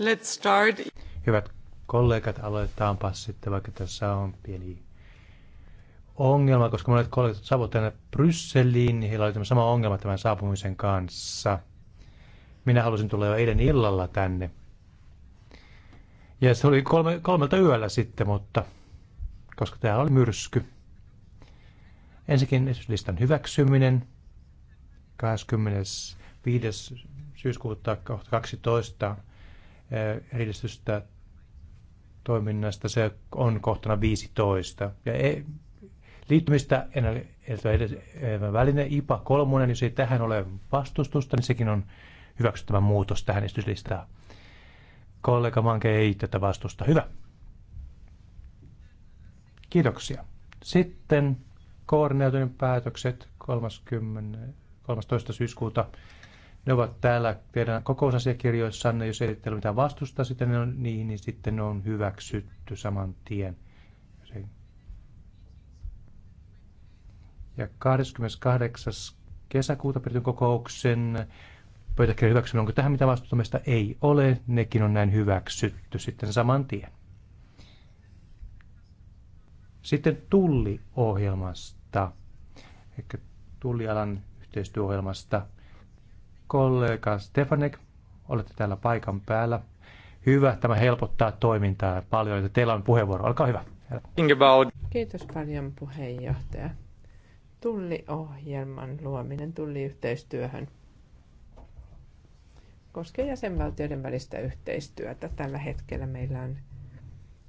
Let's start. Hyvät kollegat, aloitetaanpa sitten, vaikka tässä on pieni ongelma, koska monet kollegat saapuvat tänne Brysseliin, niin heillä oli tämä sama ongelma tämän saapumisen kanssa. Minä halusin tulla jo eilen illalla tänne. Ja se oli kolme, kolmelta yöllä sitten, mutta koska täällä oli myrsky. Ensinnäkin esityslistan hyväksyminen 25. syyskuuta 12 edistystä eh, toiminnasta. Se on kohtana 15. Ja ei, liittymistä enää eh, väline IPA 3, jos ei tähän ole vastustusta, niin sekin on hyväksyttävä muutos tähän esityslistaan. Kollega Manke ei tätä vastusta. Hyvä. Kiitoksia. Sitten koordinaatioiden päätökset 30, 13. syyskuuta ne ovat täällä teidän kokousasiakirjoissanne. Jos ei teillä mitään vastusta sitten niin, on, niin, niin sitten ne on hyväksytty saman tien. Ja 28. kesäkuuta pidetyn kokouksen pöytäkirjan hyväksyminen, onko tähän mitä vastustamista? Ei ole, nekin on näin hyväksytty sitten saman tien. Sitten tulliohjelmasta, eli tullialan yhteistyöohjelmasta kollega Stefanek, olette täällä paikan päällä. Hyvä, tämä helpottaa toimintaa paljon, että teillä on puheenvuoro. Olkaa hyvä. Kiitos paljon puheenjohtaja. Tulliohjelman luominen tulliyhteistyöhön koskee jäsenvaltioiden välistä yhteistyötä. Tällä hetkellä meillä on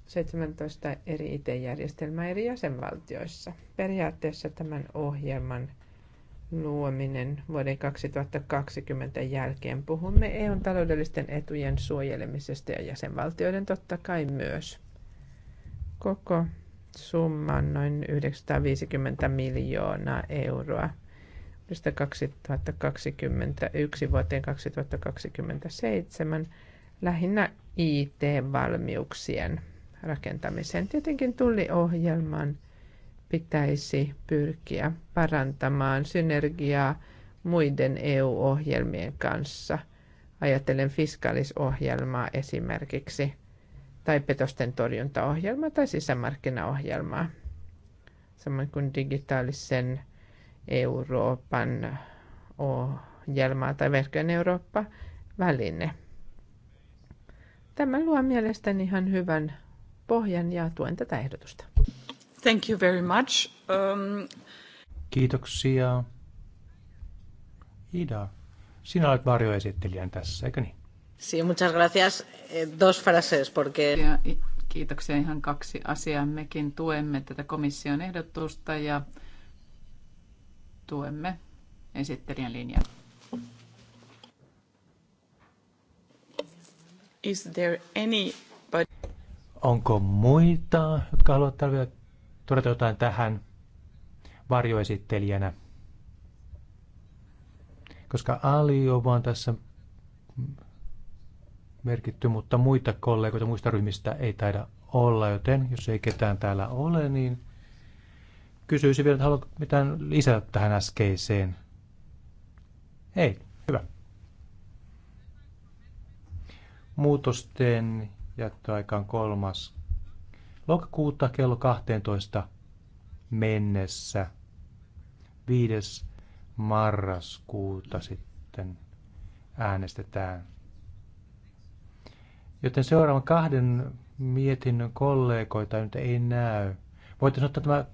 17 eri IT-järjestelmää eri jäsenvaltioissa. Periaatteessa tämän ohjelman – luominen vuoden 2020 jälkeen. Puhumme EUn taloudellisten etujen suojelemisesta ja jäsenvaltioiden totta kai myös. Koko summa on noin 950 miljoonaa euroa vuodesta 2021 vuoteen 2027 lähinnä IT-valmiuksien rakentamiseen. Tietenkin tulliohjelman ohjelman pitäisi pyrkiä parantamaan synergiaa muiden EU-ohjelmien kanssa. Ajattelen fiskaalisohjelmaa esimerkiksi, tai petosten torjuntaohjelmaa tai sisämarkkinaohjelmaa, samoin kuin digitaalisen Euroopan ohjelmaa tai verkkojen Eurooppa-väline. Tämä luo mielestäni ihan hyvän pohjan ja tuen tätä ehdotusta. Thank you very much. Um... Kiitoksia. Ida, sinä olet varjoesittelijän tässä, eikö niin? Sí, muchas gracias. Eh, dos frases, porque... Kiitoksia. Ihan kaksi asiaa. Mekin tuemme tätä komission ehdotusta ja tuemme esittelijän linjaa. Is there any... Onko muita, jotka haluavat vielä todeta jotain tähän varjoesittelijänä, koska Ali on vaan tässä merkitty, mutta muita kollegoita muista ryhmistä ei taida olla, joten jos ei ketään täällä ole, niin kysyisin vielä, että haluatko mitään lisätä tähän äskeiseen? Ei, hyvä. Muutosten jättöaika on kolmas lokakuuta kello 12 mennessä 5. marraskuuta sitten äänestetään. Joten seuraavan kahden mietinnön kollegoita nyt ei näy. Voitaisiin ottaa tämä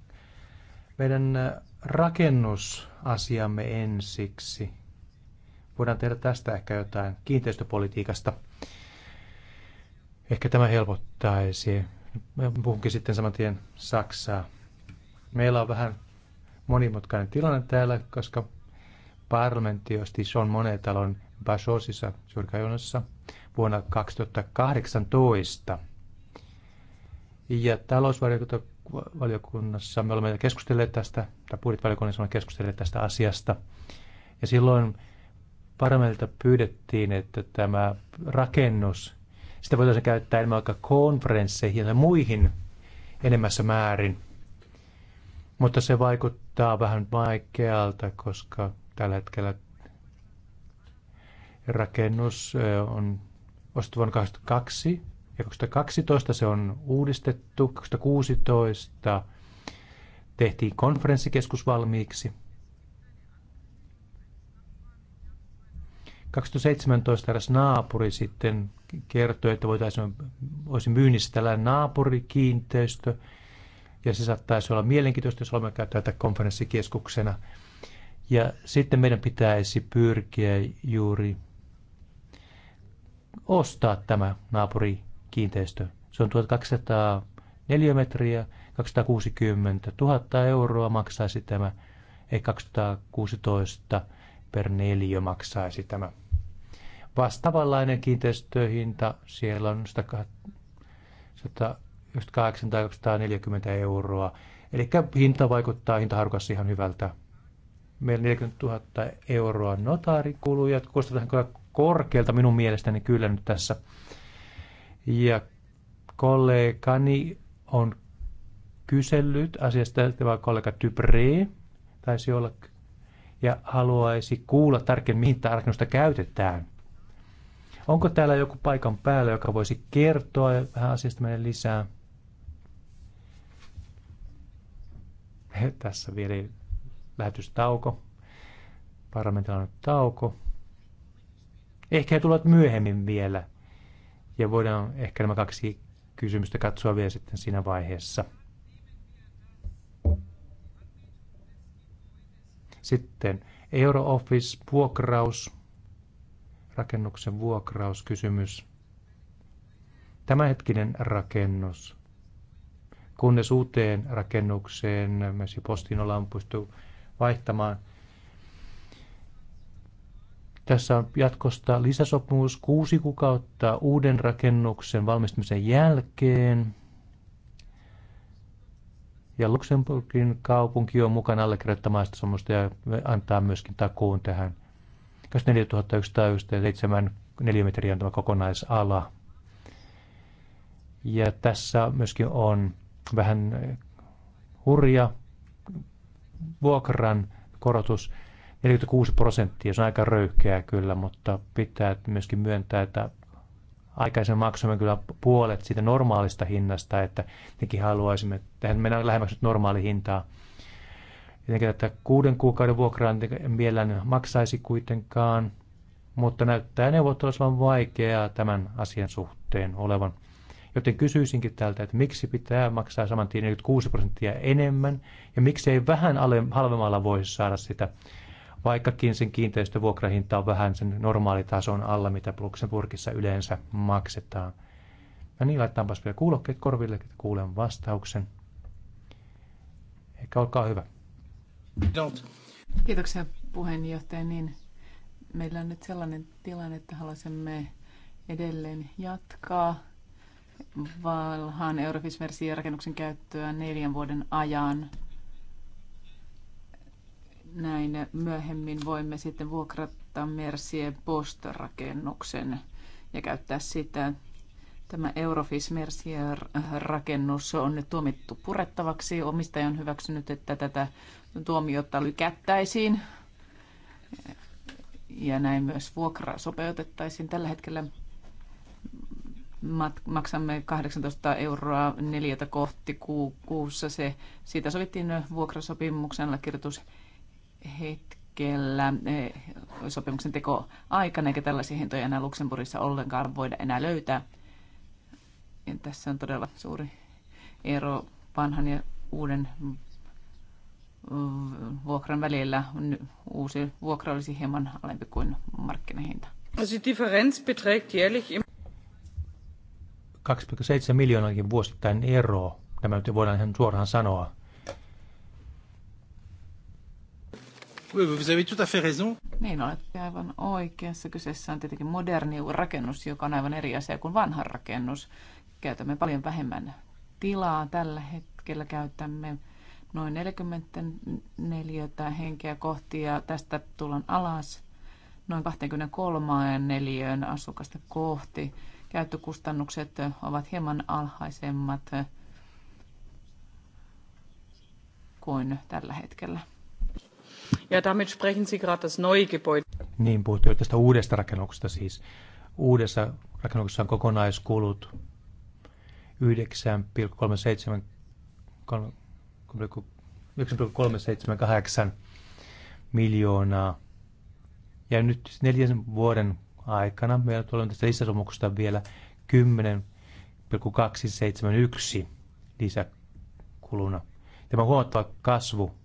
meidän rakennusasiamme ensiksi. Voidaan tehdä tästä ehkä jotain kiinteistöpolitiikasta. Ehkä tämä helpottaisi Mä puhunkin sitten saman tien Saksaa. Meillä on vähän monimutkainen tilanne täällä, koska parlamentti osti Son Monetalon Basosissa Surkajonassa vuonna 2018. Ja talousvaliokunnassa me olemme keskustelleet tästä, tai budjettivaliokunnassa olemme keskustelleet tästä asiasta. Ja silloin parlamentilta pyydettiin, että tämä rakennus sitä voitaisiin käyttää enemmän vaikka konferensseihin ja muihin enemmässä määrin. Mutta se vaikuttaa vähän vaikealta, koska tällä hetkellä rakennus on ostettu vuonna 2002 ja 2012 se on uudistettu, 2016 tehtiin konferenssikeskus valmiiksi – 2017 eräs naapuri sitten kertoi, että voitaisiin, olisi myynnissä tällainen naapurikiinteistö, ja se saattaisi olla mielenkiintoista, jos olemme käyttää tätä konferenssikeskuksena. Ja sitten meidän pitäisi pyrkiä juuri ostaa tämä naapurikiinteistö. Se on 1200 metriä 260 000 euroa maksaisi tämä, ei 216 000 per neljö maksaisi tämä. Vastaavanlainen kiinteistöhinta siellä on 108 tai 240 euroa. Eli hinta vaikuttaa hintaharukassa ihan hyvältä. Meillä 40 000 euroa notaarikuluja, Kuulostetaan kuulostavat korkealta minun mielestäni kyllä nyt tässä. Ja kollegani on kysellyt asiasta, vaan kollega Dupré, taisi olla ja haluaisi kuulla tarkemmin, mihin tarkennusta käytetään. Onko täällä joku paikan päällä, joka voisi kertoa vähän asiasta meille lisää? Tässä vielä lähetystauko. Parlamentaalinen tauko. Ehkä he tulevat myöhemmin vielä. Ja voidaan ehkä nämä kaksi kysymystä katsoa vielä sitten siinä vaiheessa. Sitten Eurooffice, vuokraus, rakennuksen vuokrauskysymys. Tämänhetkinen rakennus. Kunnes uuteen rakennukseen, myös postin ollaan pystytty vaihtamaan. Tässä on jatkosta lisäsopimus kuusi kuukautta uuden rakennuksen valmistumisen jälkeen ja Luxemburgin kaupunki on mukana allekirjoittamaista sopimusta ja antaa myöskin takuun tähän. 4197 neliömetriä on tämä kokonaisala. Ja tässä myöskin on vähän hurja vuokran korotus 46 prosenttia. Se on aika röyhkeä kyllä, mutta pitää myöskin myöntää, että aikaisemmin maksoimme kyllä puolet siitä normaalista hinnasta, että nekin haluaisimme, että mennään lähemmäksi nyt normaali hintaa. Jotenkin tätä kuuden kuukauden vuokraa vielä maksaisi kuitenkaan, mutta näyttää neuvottelussa vaan vaikeaa tämän asian suhteen olevan. Joten kysyisinkin tältä, että miksi pitää maksaa saman tien 46 prosenttia enemmän ja miksi ei vähän halvemmalla voisi saada sitä vaikkakin sen kiinteistövuokrahinta on vähän sen normaalitason alla, mitä Luxemburgissa yleensä maksetaan. No niin, laitetaanpas vielä kuulokkeet korville, että kuulen vastauksen. Ehkä olkaa hyvä. Kiitoksia puheenjohtaja. Niin, meillä on nyt sellainen tilanne, että haluaisimme edelleen jatkaa valhaan Eurofis-versiorakennuksen käyttöä neljän vuoden ajan näin myöhemmin voimme sitten vuokrata Mercier Post-rakennuksen ja käyttää sitä. Tämä Eurofis Mercier-rakennus on nyt tuomittu purettavaksi. Omistaja on hyväksynyt, että tätä tuomiota lykättäisiin ja näin myös vuokraa sopeutettaisiin. Tällä hetkellä maksamme 18 euroa neljätä kohti ku- kuussa. Se, siitä sovittiin vuokrasopimuksen allekirjoitus hetkellä eh, sopimuksen teko aikana, eikä tällaisia hintoja enää Luxemburgissa ollenkaan voida enää löytää. Ja tässä on todella suuri ero vanhan ja uuden vuokran välillä. Uusi vuokra olisi hieman alempi kuin markkinahinta. Also differenz beträgt jährlich 2,7 miljoonankin vuosittain ero. Tämä nyt voidaan ihan suoraan sanoa. Vous avez tout à fait raison. Niin olette aivan oikeassa. Kyseessä on tietenkin moderni rakennus, joka on aivan eri asia kuin vanha rakennus. Käytämme paljon vähemmän tilaa tällä hetkellä. Käytämme noin 44 henkeä kohti ja tästä tullaan alas noin 23 neliöön asukasta kohti. Käyttökustannukset ovat hieman alhaisemmat kuin tällä hetkellä. Ja damit sprechen Sie gerade das neue Gebäude. Niin, puhuttiin tästä uudesta rakennuksesta siis. Uudessa rakennuksessa on kokonaiskulut 9,378 miljoonaa. Ja nyt siis neljän vuoden aikana meillä tulee tästä lisäsumuksesta vielä 10,271 lisäkuluna. Tämä on huomattava kasvu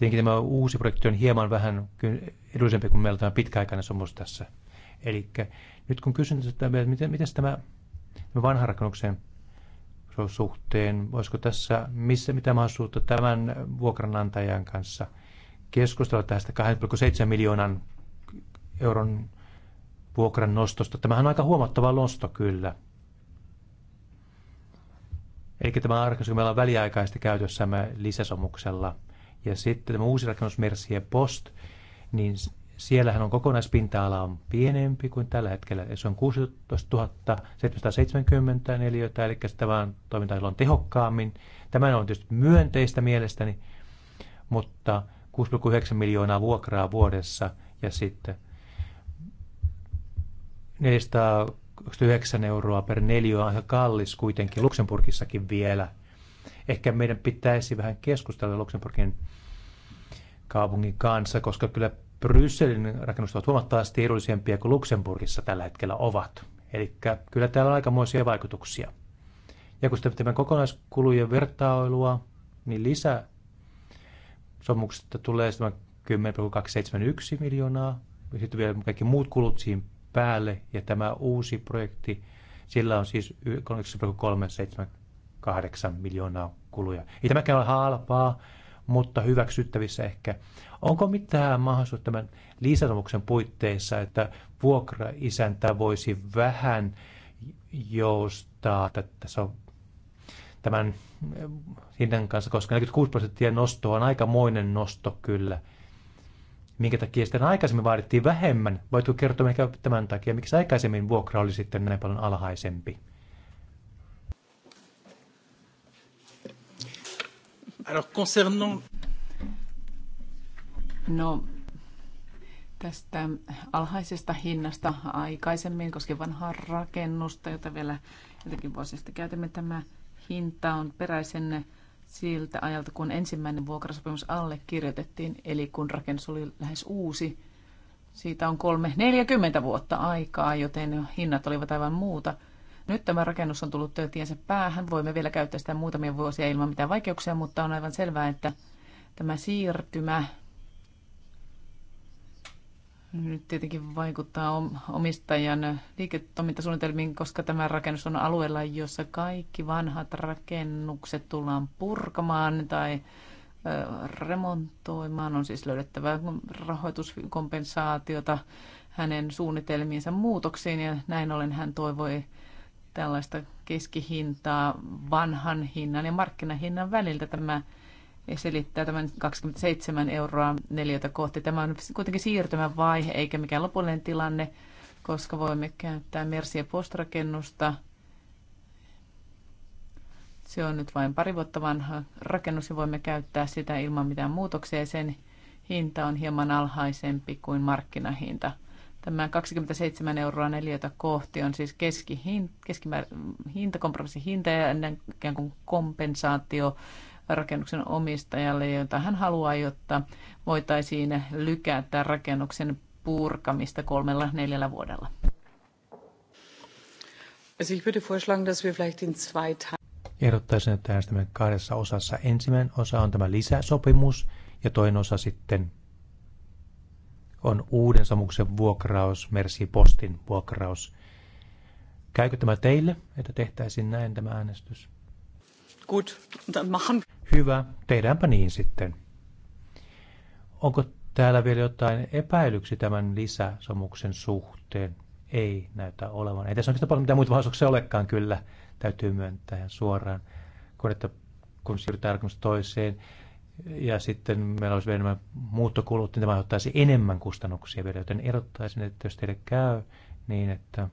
Tietenkin tämä uusi projekti on hieman vähän edullisempi kuin meillä tämä pitkäaikainen sopimus tässä. Eli nyt kun kysyn, että miten, miten tämä, tämä vanhan rakennuksen suhteen, voisiko tässä, missä, mitä mahdollisuutta tämän vuokranantajan kanssa keskustella tästä 2,7 miljoonan euron vuokran nostosta. Tämähän on aika huomattava nosto kyllä. Eli tämä arkaisu meillä on väliaikaisesti käytössämme lisäsomuksella – ja sitten tämä uusi rakennus Mercier Post, niin siellähän on kokonaispinta-ala on pienempi kuin tällä hetkellä. Se on 16 770 neliötä, eli sitä vaan toiminta on tehokkaammin. Tämä on tietysti myönteistä mielestäni, mutta 6,9 miljoonaa vuokraa vuodessa ja sitten 429 euroa per neliö on aika kallis kuitenkin Luxemburgissakin vielä – ehkä meidän pitäisi vähän keskustella Luxemburgin kaupungin kanssa, koska kyllä Brysselin rakennukset ovat huomattavasti edullisempia kuin Luxemburgissa tällä hetkellä ovat. Eli kyllä täällä on aikamoisia vaikutuksia. Ja kun sitten tämän kokonaiskulujen vertailua, niin lisää sopimuksesta tulee 10,271 miljoonaa, ja sitten vielä kaikki muut kulut siihen päälle, ja tämä uusi projekti, sillä on siis 1,370 kahdeksan miljoonaa kuluja. Ei tämäkään ole halpaa, mutta hyväksyttävissä ehkä. Onko mitään mahdollisuutta tämän lisäsopimuksen puitteissa, että vuokraisäntä voisi vähän joustaa tässä on tämän eh, hinnan kanssa, koska 46 prosenttia nosto on aikamoinen nosto kyllä. Minkä takia sitten aikaisemmin vaadittiin vähemmän? Voitko kertoa ehkä tämän takia, miksi aikaisemmin vuokra oli sitten näin paljon alhaisempi? Alors concernant... No, tästä alhaisesta hinnasta aikaisemmin koskien vanhaa rakennusta, jota vielä jotakin vuosista käytämme. Tämä hinta on peräisen siltä ajalta, kun ensimmäinen vuokrasopimus allekirjoitettiin, eli kun rakennus oli lähes uusi. Siitä on kolme neljäkymmentä vuotta aikaa, joten hinnat olivat aivan muuta. Nyt tämä rakennus on tullut tiensä päähän. Voimme vielä käyttää sitä muutamia vuosia ilman mitään vaikeuksia, mutta on aivan selvää, että tämä siirtymä nyt tietenkin vaikuttaa omistajan liiketoimintasuunnitelmiin, koska tämä rakennus on alueella, jossa kaikki vanhat rakennukset tullaan purkamaan tai remontoimaan. On siis löydettävä rahoituskompensaatiota hänen suunnitelmiinsa muutoksiin ja näin ollen hän toivoi tällaista keskihintaa vanhan hinnan ja markkinahinnan väliltä. Tämä selittää tämän 27 euroa neliötä kohti. Tämä on kuitenkin siirtymän vaihe eikä mikään lopullinen tilanne, koska voimme käyttää Mersiä postrakennusta. Se on nyt vain pari vuotta vanha rakennus ja voimme käyttää sitä ilman mitään muutoksia. Sen hinta on hieman alhaisempi kuin markkinahinta. Tämä 27 euroa neliötä kohti on siis keskihinta, keskimäär- kompromissihinta ja ennen kuin kompensaatio rakennuksen omistajalle, jota hän haluaa, jotta voitaisiin lykätä rakennuksen purkamista kolmella neljällä vuodella. Ehdottaisin, että äänestämme kahdessa osassa. Ensimmäinen osa on tämä lisäsopimus ja toinen osa sitten on uuden samuksen vuokraus, Mersi Postin vuokraus. Käykö tämä teille, että tehtäisiin näin tämä äänestys? Gut, dann machen. Hyvä, tehdäänpä niin sitten. Onko täällä vielä jotain epäilyksi tämän lisäsamuksen suhteen? Ei näytä olevan. Ei tässä oikeastaan paljon mitään muita vastauksia olekaan kyllä, täytyy myöntää ihan suoraan, kun, että, kun siirrytään toiseen ja sitten meillä olisi vielä enemmän muuttokulut, niin tämä aiheuttaisi enemmän kustannuksia vielä, joten erottaisin, että jos teille käy niin, että,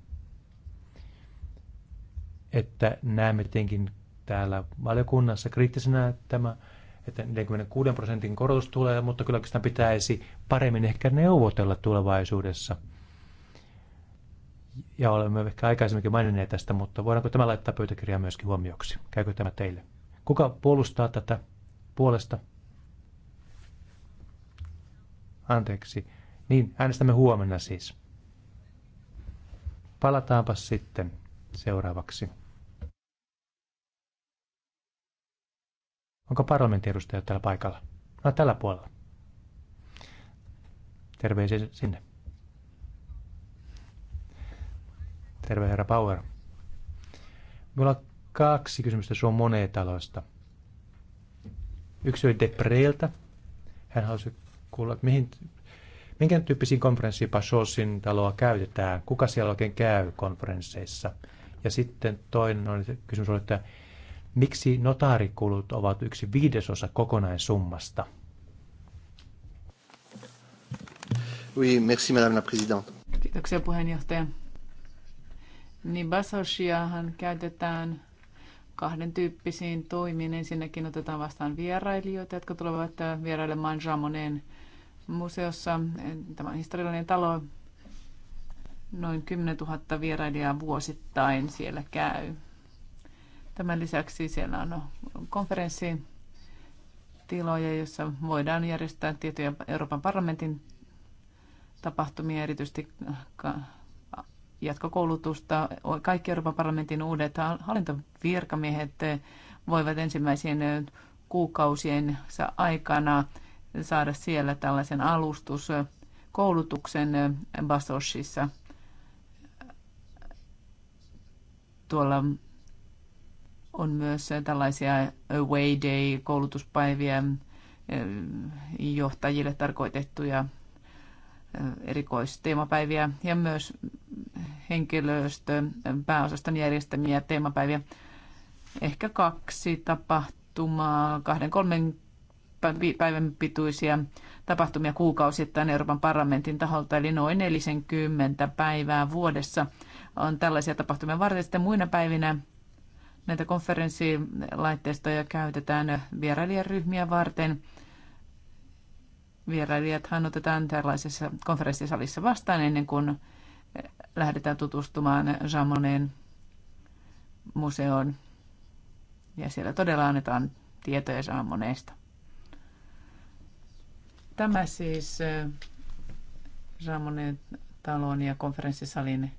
että näemme tietenkin täällä valiokunnassa kriittisenä että tämä, että 46 prosentin korotus tulee, mutta kyllä sitä pitäisi paremmin ehkä neuvotella tulevaisuudessa. Ja olemme ehkä aikaisemminkin maininneet tästä, mutta voidaanko tämä laittaa pöytäkirjaan myöskin huomioksi? Käykö tämä teille? Kuka puolustaa tätä puolesta? Anteeksi. Niin, äänestämme huomenna siis. Palataanpa sitten seuraavaksi. Onko parlamentin edustajat täällä paikalla? No tällä puolella. Terveisiä sinne. Terve herra Power. Minulla on kaksi kysymystä sun moneen Yksi oli Depreiltä. Hän halusi kuulla, mihin, minkä tyyppisiin konferenssiin Pashosin taloa käytetään, kuka siellä oikein käy konferensseissa. Ja sitten toinen on, kysymys oli, että miksi notaarikulut ovat yksi viidesosa kokonaisummasta? Oui, merci madame la présidente. Kiitoksia puheenjohtaja. Niin basoshiahan käytetään kahden tyyppisiin toimiin. Ensinnäkin otetaan vastaan vierailijoita, jotka tulevat vierailemaan Ramoneen museossa. Tämä on historiallinen talo. Noin 10 000 vierailijaa vuosittain siellä käy. Tämän lisäksi siellä on konferenssitiloja, joissa voidaan järjestää tietoja Euroopan parlamentin tapahtumia, erityisesti jatkokoulutusta. Kaikki Euroopan parlamentin uudet hallintovirkamiehet voivat ensimmäisien kuukausien aikana saada siellä tällaisen alustuskoulutuksen Basoshissa tuolla on myös tällaisia away day koulutuspäiviä eh, johtajille tarkoitettuja eh, erikoisteemapäiviä ja myös henkilöstön pääosaston järjestämiä teemapäiviä. Ehkä kaksi tapahtumaa kahden kolmen päivän pituisia tapahtumia kuukausittain Euroopan parlamentin taholta, eli noin 40 päivää vuodessa on tällaisia tapahtumia varten. Sitten muina päivinä näitä konferenssilaitteistoja käytetään vierailijaryhmiä varten. Vierailijathan otetaan tällaisessa konferenssisalissa vastaan ennen kuin lähdetään tutustumaan Jamoneen museoon. Ja siellä todella annetaan tietoja Jamoneesta. Tämä siis Ramonin talon ja konferenssisalin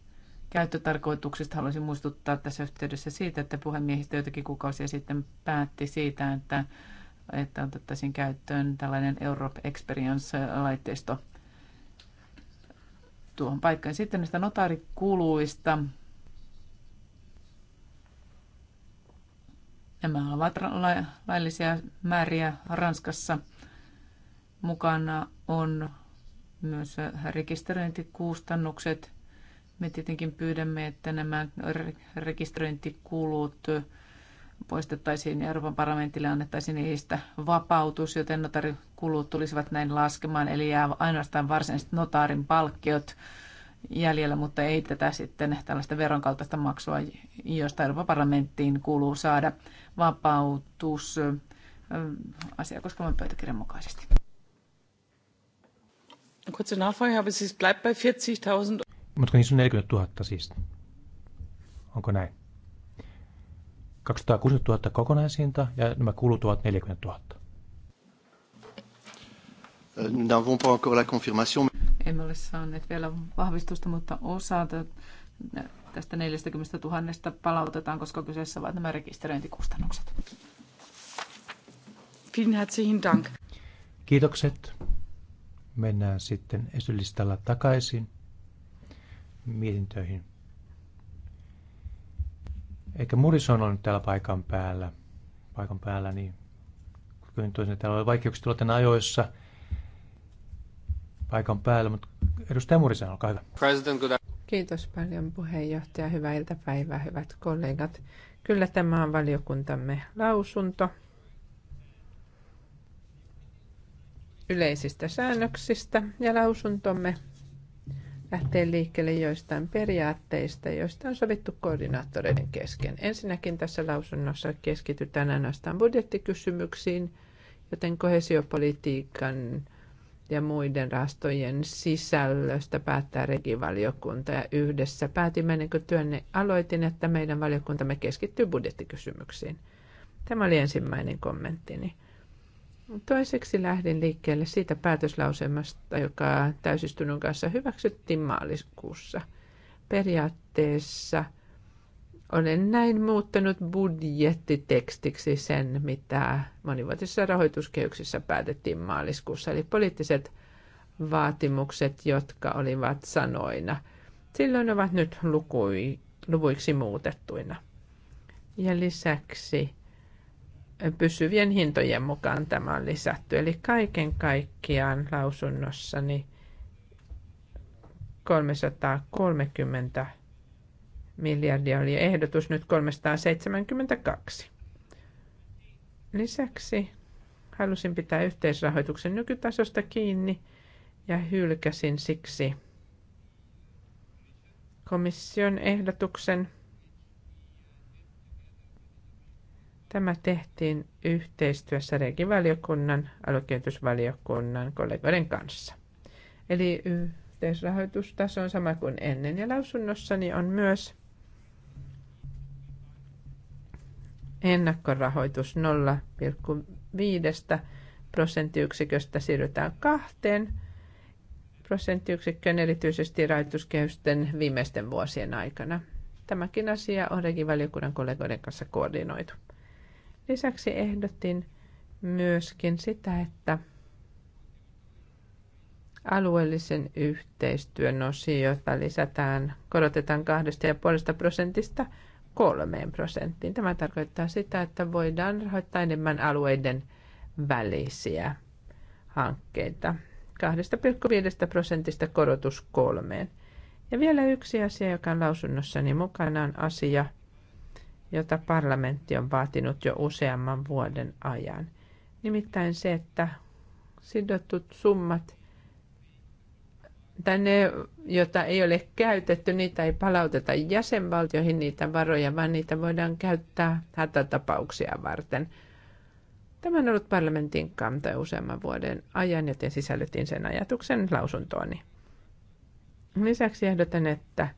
käyttötarkoituksista haluaisin muistuttaa tässä yhteydessä siitä, että puhemiehistö joitakin kuukausia sitten päätti siitä, että, että otettaisiin käyttöön tällainen Europe Experience-laitteisto tuohon paikkaan. Sitten näistä notaarikuluista. Nämä ovat laillisia määriä Ranskassa – Mukana on myös rekisteröintikustannukset. Me tietenkin pyydämme, että nämä rekisteröintikulut poistettaisiin ja Euroopan parlamentille annettaisiin niistä vapautus, joten notarikulut tulisivat näin laskemaan, eli jää ainoastaan varsinaiset notaarin palkkiot jäljellä, mutta ei tätä sitten tällaista veron kaltaista maksua, josta Euroopan parlamenttiin kuuluu saada vapautus asiaa koskevan pöytäkirjan mukaisesti. Kurze Nachfrage, aber siis bleibt bei 40.000. Mutta niissä on 40 000 siis. Onko näin? 260 000 kokonaishinta ja nämä kulut ovat 40 000. Nous n'avons pas encore la confirmation. Emme ole saaneet vielä vahvistusta, mutta osa tästä 40 000 palautetaan, koska kyseessä ovat nämä rekisteröintikustannukset. Vielen herzlichen Dank. Kiitokset mennään sitten esylistalla takaisin mietintöihin. Eikä Murison on nyt täällä paikan päällä, paikan päällä niin kyllä toisin, että täällä oli vaikeuksia tulla tänä ajoissa paikan päällä, mutta edustaja Murisen, olkaa hyvä. President, good Kiitos paljon puheenjohtaja, hyvää iltapäivää, hyvät kollegat. Kyllä tämä on valiokuntamme lausunto. yleisistä säännöksistä ja lausuntomme lähtee liikkeelle joistain periaatteista, joista on sovittu koordinaattoreiden kesken. Ensinnäkin tässä lausunnossa keskitytään ainoastaan budjettikysymyksiin, joten kohesiopolitiikan ja muiden rastojen sisällöstä päättää regivaliokunta ja yhdessä päätimme niin kuin työnne aloitin, että meidän valiokuntamme keskittyy budjettikysymyksiin. Tämä oli ensimmäinen kommenttini. Toiseksi lähdin liikkeelle siitä päätöslauselmasta, joka täysistunnon kanssa hyväksyttiin maaliskuussa. Periaatteessa olen näin muuttanut budjettitekstiksi sen, mitä monivuotisissa rahoituskehyksissä päätettiin maaliskuussa, eli poliittiset vaatimukset, jotka olivat sanoina. Silloin ovat nyt lukui, luvuiksi muutettuina. Ja lisäksi pysyvien hintojen mukaan tämä on lisätty. Eli kaiken kaikkiaan lausunnossani 330 miljardia oli ehdotus, nyt 372. Lisäksi halusin pitää yhteisrahoituksen nykytasosta kiinni ja hylkäsin siksi komission ehdotuksen Tämä tehtiin yhteistyössä regivaliokunnan, aluekehitysvaliokunnan kollegoiden kanssa. Eli yhteisrahoitustaso on sama kuin ennen ja lausunnossani on myös ennakkorahoitus 0,5 prosenttiyksiköstä siirrytään kahteen prosenttiyksikköön erityisesti rahoituskehysten viimeisten vuosien aikana. Tämäkin asia on regivaliokunnan kollegoiden kanssa koordinoitu. Lisäksi ehdotin myöskin sitä, että alueellisen yhteistyön osiota lisätään, korotetaan 2,5 prosentista 3 prosenttiin. Tämä tarkoittaa sitä, että voidaan rahoittaa enemmän alueiden välisiä hankkeita. 2,5 prosentista korotus kolmeen. Ja vielä yksi asia, joka on lausunnossani mukana, on asia, jota parlamentti on vaatinut jo useamman vuoden ajan. Nimittäin se, että sidotut summat tai ne, joita ei ole käytetty, niitä ei palauteta jäsenvaltioihin niitä varoja, vaan niitä voidaan käyttää hätätapauksia varten. Tämä on ollut parlamentin kanta useamman vuoden ajan, joten sisällytin sen ajatuksen lausuntooni. Lisäksi ehdotan, että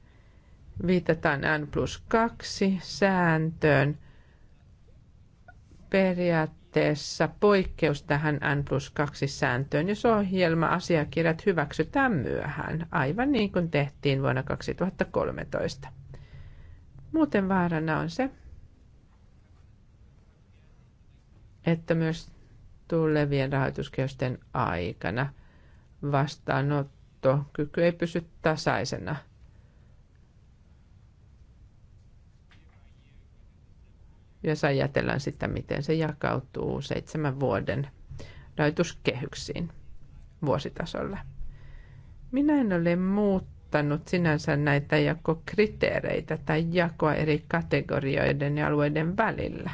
viitataan N plus 2 sääntöön. Periaatteessa poikkeus tähän N plus 2 sääntöön, jos ohjelma-asiakirjat hyväksytään myöhään, aivan niin kuin tehtiin vuonna 2013. Muuten vaarana on se, että myös tulevien rahoituskeusten aikana vastaanottokyky ei pysy tasaisena – jos ajatellaan sitä, miten se jakautuu seitsemän vuoden rahoituskehyksiin vuositasolla. Minä en ole muuttanut sinänsä näitä jakokriteereitä tai jakoa eri kategorioiden ja alueiden välillä.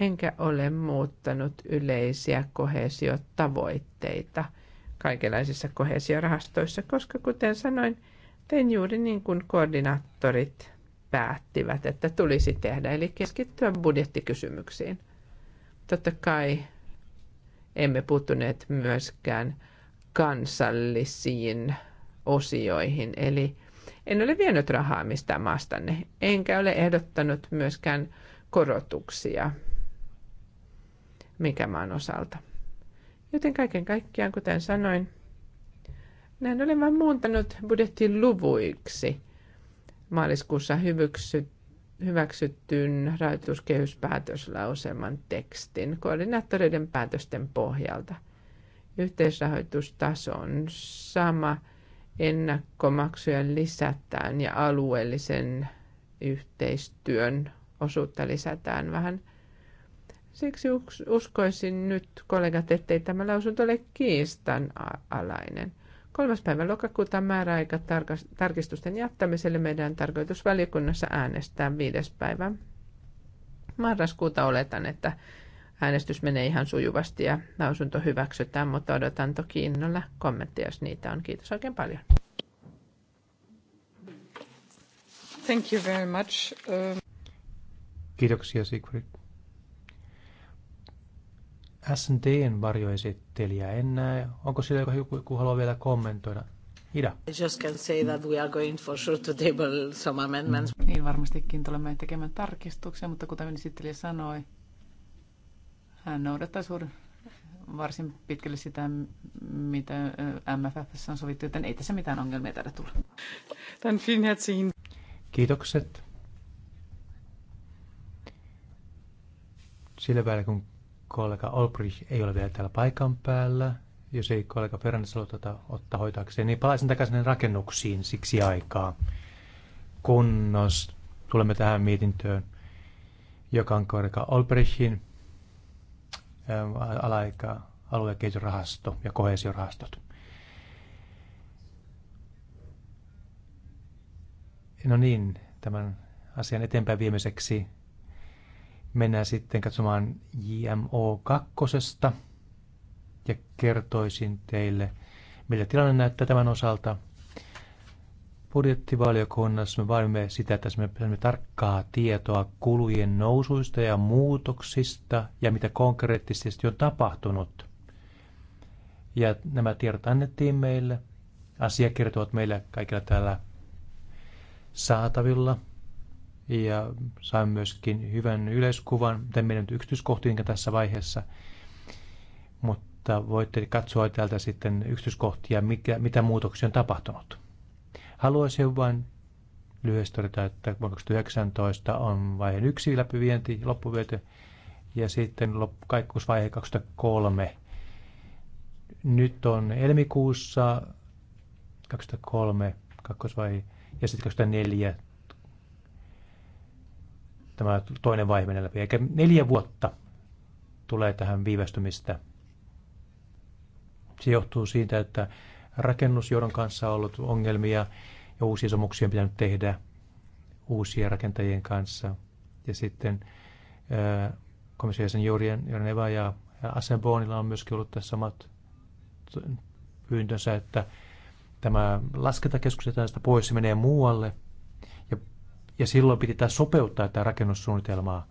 Enkä ole muuttanut yleisiä kohesiotavoitteita kaikenlaisissa kohesiorahastoissa, koska kuten sanoin, tein juuri niin kuin koordinaattorit päättivät, että tulisi tehdä, eli keskittyä budjettikysymyksiin. Totta kai emme puuttuneet myöskään kansallisiin osioihin, eli en ole vienyt rahaa mistään maastanne, enkä ole ehdottanut myöskään korotuksia mikä maan osalta. Joten kaiken kaikkiaan, kuten sanoin, näin olen vain muuntanut budjettin luvuiksi maaliskuussa hyväksytyn rahoituskehyspäätöslauselman tekstin koordinaattoreiden päätösten pohjalta. Yhteisrahoitustaso on sama, ennakkomaksuja lisätään ja alueellisen yhteistyön osuutta lisätään vähän. Siksi uskoisin nyt, kollegat, ettei tämä lausunto ole kiistanalainen. alainen – Kolmas päivä lokakuuta määräaika tarkistusten jättämiselle meidän tarkoitusvaliokunnassa äänestää viides päivä marraskuuta. Oletan, että äänestys menee ihan sujuvasti ja lausunto hyväksytään, mutta odotan toki innolla kommentteja, jos niitä on. Kiitos oikein paljon. Thank you very much. Um... Kiitoksia Sigrid. SDn varjoesittelijä en näe. Onko siellä joku, joku, haluaa vielä kommentoida? Ida. I just can say that we are going for sure to table some amendments. Mm. Niin varmastikin tulemme tekemään tarkistuksia, mutta kuten esittelijä sanoi, hän noudattaa suurin varsin pitkälle sitä, mitä MFF on sovittu, joten ei tässä mitään ongelmia täällä tulla. Tän vielen Kiitokset. Sillä päällä, kun kollega Olbrich ei ole vielä täällä paikan päällä. Jos ei kollega Fernandes ole tuota ottaa hoitaakseen, niin palaisin takaisin rakennuksiin siksi aikaa. Kunnos tulemme tähän mietintöön, joka on kollega Olbrichin ähm, alaika alue- ja ja kohesiorahastot. No niin, tämän asian eteenpäin viemiseksi Mennään sitten katsomaan JMO 2 ja kertoisin teille, millä tilanne näyttää tämän osalta. Budjettivaliokunnassa me vaadimme sitä, että me saamme tarkkaa tietoa kulujen nousuista ja muutoksista ja mitä konkreettisesti on tapahtunut. Ja nämä tiedot annettiin meille. Asiakirjat ovat meillä kaikilla täällä saatavilla ja sain myöskin hyvän yleiskuvan, mutta en mennyt yksityiskohtiin tässä vaiheessa. Mutta voitte katsoa täältä sitten yksityiskohtia, mikä, mitä muutoksia on tapahtunut. Haluaisin vain lyhyesti todeta, että vuonna 2019 on vaiheen yksi läpivienti, loppuvyöty, ja sitten kaikkuusvaihe 2003. Nyt on helmikuussa 2003 kakkosvaihe, ja sitten 2004 tämä toinen vaihe menee läpi. Eikä neljä vuotta tulee tähän viivästymistä. Se johtuu siitä, että rakennusjohdon kanssa on ollut ongelmia ja uusia sopimuksia on pitänyt tehdä uusien rakentajien kanssa. Ja sitten komissiojäsen Jorien Jorneva ja Asenboonilla on myöskin ollut tässä samat pyyntönsä, että tämä laskentakeskus tästä pois, se menee muualle – ja silloin piti tämä sopeuttaa tätä rakennussuunnitelmaa.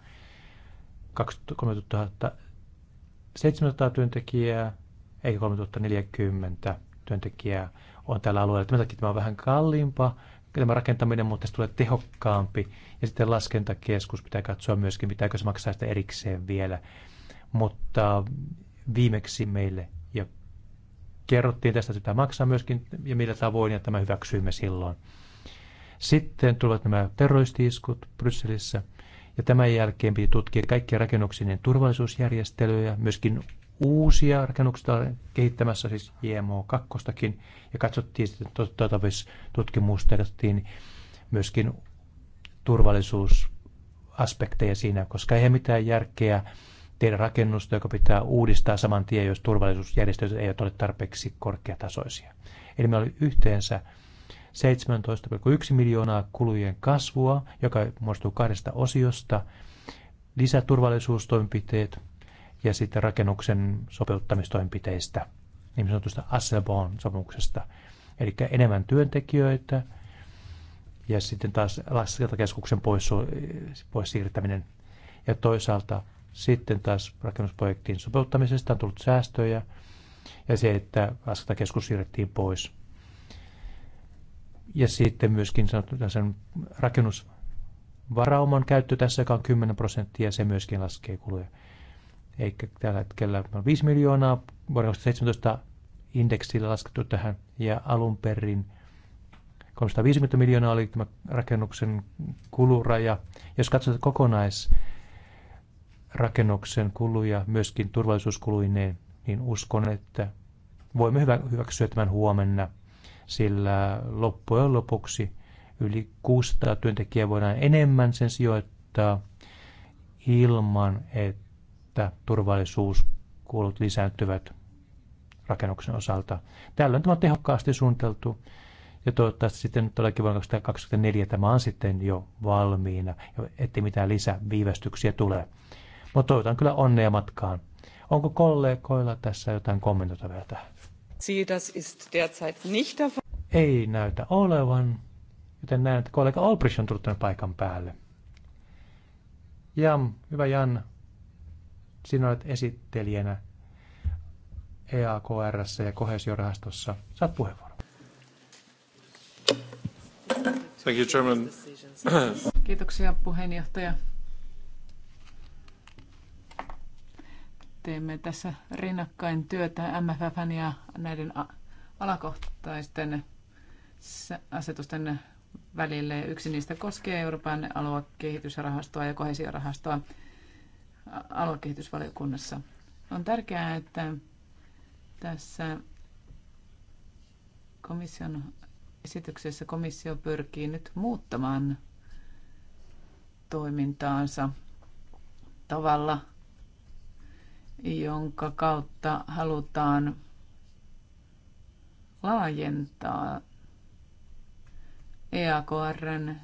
3700 työntekijää, ei 3040 työntekijää on tällä alueella. Tämän takia tämä on vähän kalliimpaa, tämä rakentaminen, mutta se tulee tehokkaampi. Ja sitten laskentakeskus pitää katsoa myöskin, pitääkö se maksaa sitä erikseen vielä. Mutta viimeksi meille ja kerrottiin tästä, että tämä maksaa myöskin ja millä tavoin, ja tämä hyväksyimme silloin. Sitten tulevat nämä terroristiiskut Brysselissä, ja tämän jälkeen piti tutkia kaikkia rakennuksien turvallisuusjärjestelyjä, myöskin uusia rakennuksia kehittämässä, siis gmo 2 ja katsottiin sitten tuota tutkimusta katsottiin myöskin turvallisuusaspekteja siinä, koska ei mitään järkeä tehdä rakennusta, joka pitää uudistaa saman tien, jos turvallisuusjärjestelyt eivät ole tarpeeksi korkeatasoisia. Eli me oli yhteensä 17,1 miljoonaa kulujen kasvua, joka muodostuu kahdesta osiosta, lisäturvallisuustoimenpiteet ja sitten rakennuksen sopeuttamistoimenpiteistä, niin sanotusta Asselborn-sopimuksesta. Eli enemmän työntekijöitä ja sitten taas laskentakeskuksen pois, pois siirtäminen. Ja toisaalta sitten taas rakennusprojektin sopeuttamisesta on tullut säästöjä ja se, että laskentakeskus siirrettiin pois – ja sitten myöskin sanotaan sen rakennusvarauman käyttö tässä, joka on 10 prosenttia, se myöskin laskee kuluja. Eikä tällä hetkellä on 5 miljoonaa vuoden 2017 indeksillä laskettu tähän, ja alun perin 350 miljoonaa oli tämä rakennuksen kuluraja. Jos katsotaan kokonaisrakennuksen rakennuksen kuluja, myöskin turvallisuuskuluineen, niin uskon, että voimme hyväksyä tämän huomenna sillä loppujen lopuksi yli 600 työntekijää voidaan enemmän sen sijoittaa ilman, että turvallisuuskulut lisääntyvät rakennuksen osalta. Tällöin tämä on tehokkaasti suunniteltu ja toivottavasti sitten todellakin vuonna 2024 tämä on sitten jo valmiina, ettei mitään lisäviivästyksiä tule. Mutta toivotan kyllä onnea matkaan. Onko kollegoilla tässä jotain vielä tähän? Ei näytä olevan, joten näen, että kollega Olbrich on tullut paikan päälle. Jam, hyvä Jan, sinä olet esittelijänä EAKR ja kohesiorahastossa. Saat puheenvuoron. Thank you, Chairman. Kiitoksia puheenjohtaja. teemme tässä rinnakkain työtä MFFn ja näiden alakohtaisten asetusten välille. Yksi niistä koskee Euroopan aluekehitysrahastoa ja kohesiorahastoa aluekehitysvaliokunnassa. On tärkeää, että tässä komission esityksessä komissio pyrkii nyt muuttamaan toimintaansa tavalla, jonka kautta halutaan laajentaa EAKRn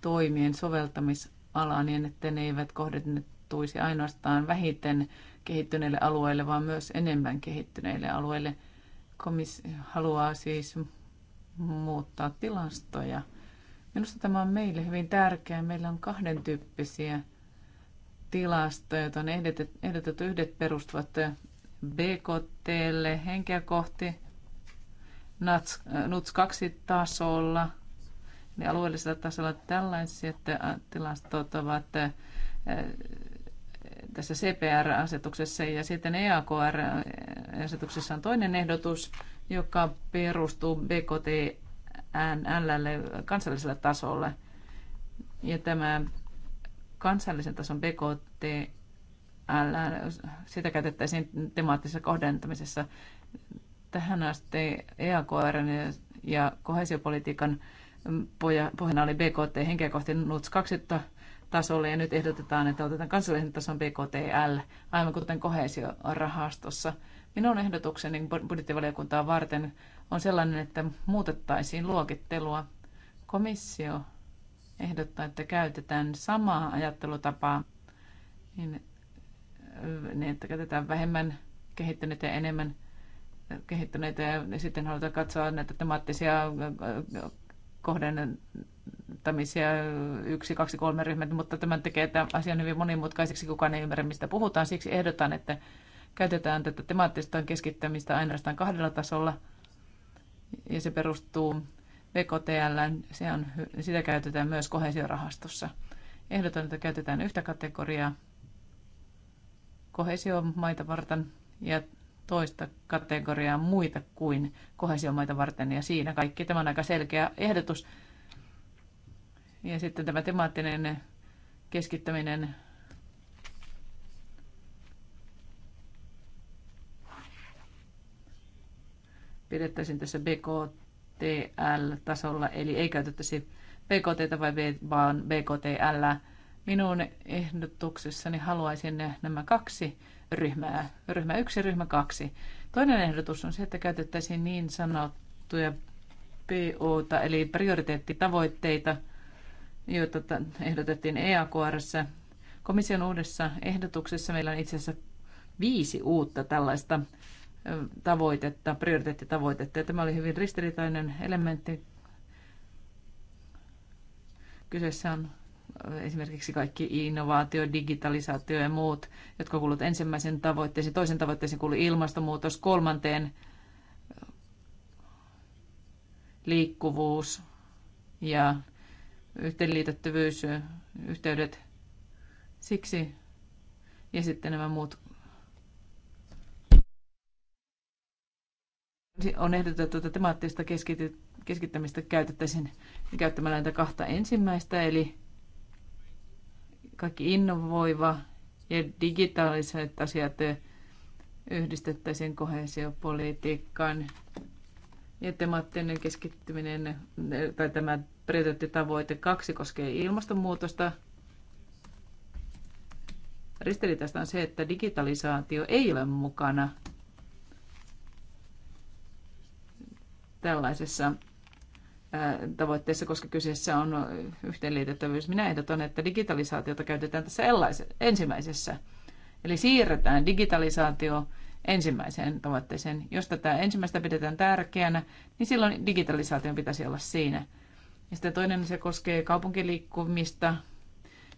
toimien soveltamisalaa niin, että ne eivät kohdennettuisi ainoastaan vähiten kehittyneille alueille, vaan myös enemmän kehittyneille alueille. Komis haluaa siis muuttaa tilastoja. Minusta tämä on meille hyvin tärkeää. Meillä on kahden tyyppisiä jota on ehdotettu yhdet perustuvat BKTlle henkeä kohti NUTS, NUTS 2 tasolla, niin alueellisella tasolla että äh, tilastot ovat äh, tässä CPR-asetuksessa ja sitten EAKR-asetuksessa on toinen ehdotus, joka perustuu BKTNL kansalliselle tasolle. Ja tämä kansallisen tason BKT, sitä käytettäisiin temaattisessa kohdentamisessa. Tähän asti EAKR ja kohesiopolitiikan pohjana oli BKT henkeä kohti NUTS 2 tasolle ja nyt ehdotetaan, että otetaan kansallisen tason BKTL, aivan kuten kohesiorahastossa. Minun ehdotukseni budjettivaliokuntaa varten on sellainen, että muutettaisiin luokittelua. Komissio ehdottaa, että käytetään samaa ajattelutapaa niin, niin että käytetään vähemmän kehittyneitä ja enemmän kehittyneitä ja sitten halutaan katsoa näitä temaattisia kohdentamisia yksi, kaksi, kolme ryhmät, mutta tämän tekee tämän asian hyvin monimutkaiseksi, kukaan ei ymmärrä mistä puhutaan. Siksi ehdotan, että käytetään tätä temaattista keskittämistä ainoastaan kahdella tasolla ja se perustuu VKTL, se on, sitä käytetään myös kohesiorahastossa. Ehdoton, että käytetään yhtä kategoriaa kohesiomaita varten ja toista kategoriaa muita kuin kohesiomaita varten. Ja siinä kaikki. Tämä on aika selkeä ehdotus. Ja sitten tämä temaattinen keskittäminen pidettäisiin tässä BKT BKTL-tasolla, eli ei käytettäisi BKT vai B, vaan BKTL. Minun ehdotuksessani haluaisin nämä kaksi ryhmää, ryhmä yksi ja ryhmä kaksi. Toinen ehdotus on se, että käytettäisiin niin sanottuja PO, eli prioriteettitavoitteita, joita ehdotettiin EAKR. Komission uudessa ehdotuksessa meillä on itse asiassa viisi uutta tällaista tavoitetta, prioriteettitavoitetta. Ja tämä oli hyvin ristiriitainen elementti. Kyseessä on esimerkiksi kaikki innovaatio, digitalisaatio ja muut, jotka kuuluvat ensimmäisen tavoitteeseen. Toisen tavoitteeseen kuuluu ilmastonmuutos, kolmanteen liikkuvuus ja yhteenliitettävyys, yhteydet siksi. Ja sitten nämä muut on ehdotettu, että temaattista keskittämistä käytettäisiin käyttämällä näitä kahta ensimmäistä, eli kaikki innovoiva ja digitaaliset asiat yhdistettäisiin kohesiopolitiikkaan ja temaattinen keskittyminen tai tämä prioriteettitavoite kaksi koskee ilmastonmuutosta. Ristiriitaista on se, että digitalisaatio ei ole mukana – tällaisessa tavoitteessa, koska kyseessä on yhteenliitettävyys. Minä ehdotan, että digitalisaatiota käytetään tässä ensimmäisessä. Eli siirretään digitalisaatio ensimmäiseen tavoitteeseen. Jos tätä ensimmäistä pidetään tärkeänä, niin silloin digitalisaation pitäisi olla siinä. Ja sitten toinen se koskee kaupunkiliikkumista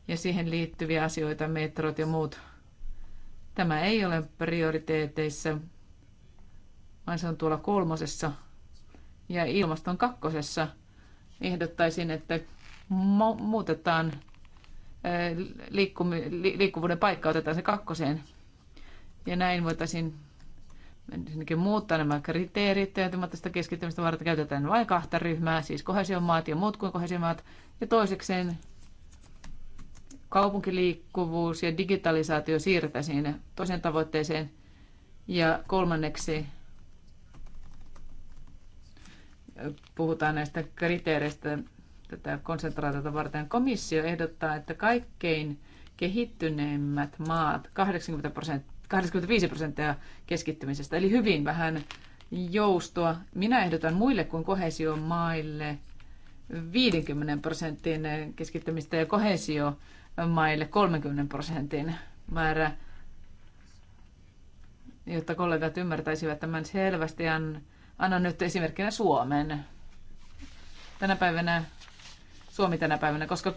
ja siihen liittyviä asioita, metrot ja muut. Tämä ei ole prioriteeteissa, vaan se on tuolla kolmosessa ja ilmaston kakkosessa ehdottaisin, että muutetaan liikkuvuuden paikka, otetaan se kakkoseen. Ja näin voitaisiin muuttaa nämä kriteerit ja tästä keskittymistä varten käytetään vain kahta ryhmää, siis kohesiomaat ja muut kuin kohesiomaat. Ja toisekseen kaupunkiliikkuvuus ja digitalisaatio siirretään siinä toisen tavoitteeseen. Ja kolmanneksi puhutaan näistä kriteereistä tätä konsentraatiota varten. Komissio ehdottaa, että kaikkein kehittyneimmät maat, 80 prosenttia, 85 prosenttia keskittymisestä, eli hyvin vähän joustoa. Minä ehdotan muille kuin kohesiomaille 50 prosentin keskittymistä ja kohesiomaille 30 prosentin määrä, jotta kollegat ymmärtäisivät tämän selvästi. Ja Annan nyt esimerkkinä Suomen. Tänä päivänä, Suomi tänä päivänä, koska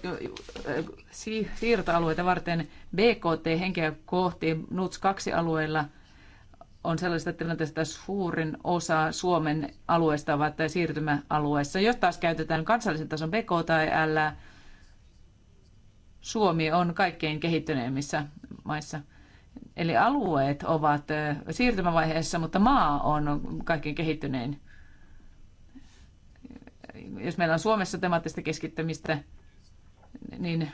siirtoalueita varten BKT-henkeä kohti NUTS 2 alueella on sellaista tilanteesta, että suurin osa Suomen alueesta ovat siirtymäalueessa. Jos taas käytetään kansallisen tason BK tai L, Suomi on kaikkein kehittyneimmissä maissa – Eli alueet ovat siirtymävaiheessa, mutta maa on kaikkein kehittynein. Jos meillä on Suomessa temaattista keskittämistä, niin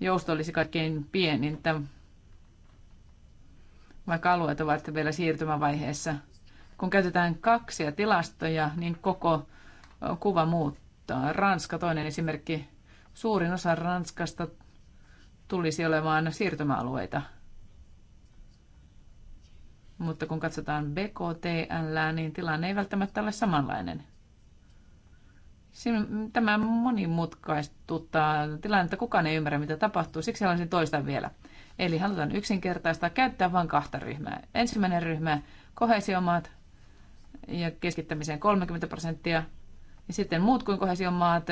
jousto olisi kaikkein pienintä, vaikka alueet ovat vielä siirtymävaiheessa. Kun käytetään kaksia tilastoja, niin koko kuva muuttaa. Ranska, toinen esimerkki, suurin osa Ranskasta tulisi olemaan siirtymäalueita. Mutta kun katsotaan BKTL, niin tilanne ei välttämättä ole samanlainen. Tämä monimutkaistuttaa tilannetta, kukaan ei ymmärrä mitä tapahtuu, siksi haluaisin toista vielä. Eli halutaan yksinkertaistaa, käyttää vain kahta ryhmää. Ensimmäinen ryhmä, kohesiomaat ja keskittämiseen 30 prosenttia. Ja sitten muut kuin kohesiomaat,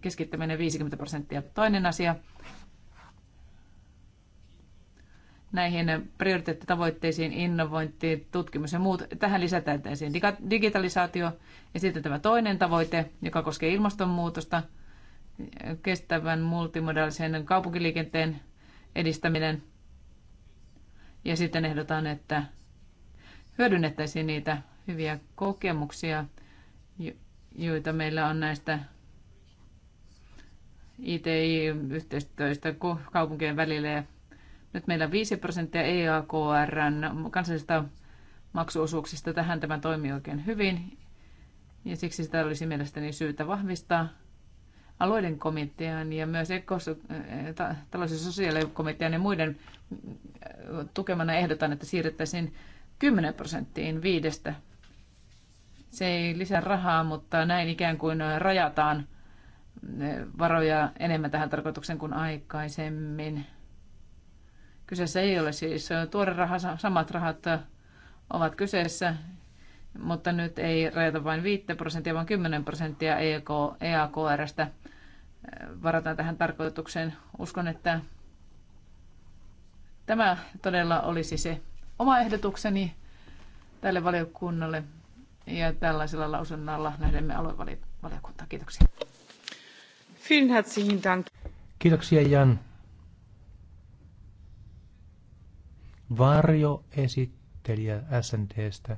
keskittäminen 50 prosenttia. Toinen asia, näihin prioriteettitavoitteisiin, innovointiin, tutkimus ja muut. Tähän lisätään digitalisaatio ja sitten tämä toinen tavoite, joka koskee ilmastonmuutosta, kestävän multimodaalisen kaupunkiliikenteen edistäminen. Ja sitten ehdotan, että hyödynnettäisiin niitä hyviä kokemuksia, joita meillä on näistä ITI-yhteistyöstä kaupunkien välillä ja nyt meillä on 5 prosenttia EAKRn kansallisista maksuosuuksista. Tähän tämä toimii oikein hyvin ja siksi sitä olisi mielestäni syytä vahvistaa alueiden komitean ja myös eh, talous- ja sosiaalikomitean ja muiden eh, tukemana ehdotan, että siirrettäisiin 10 prosenttiin viidestä. Se ei lisää rahaa, mutta näin ikään kuin rajataan eh, varoja enemmän tähän tarkoituksen kuin aikaisemmin. Kyseessä ei ole siis tuore raha, samat rahat ovat kyseessä, mutta nyt ei rajata vain 5 prosenttia, vaan 10 prosenttia EAKRstä e varataan tähän tarkoitukseen. Uskon, että tämä todella olisi se oma ehdotukseni tälle valiokunnalle ja tällaisella lausunnalla lähdemme aluevaliokuntaan. Kiitoksia. Vielen herzlichen Dank. Kiitoksia Jan. esittelijä SNTstä.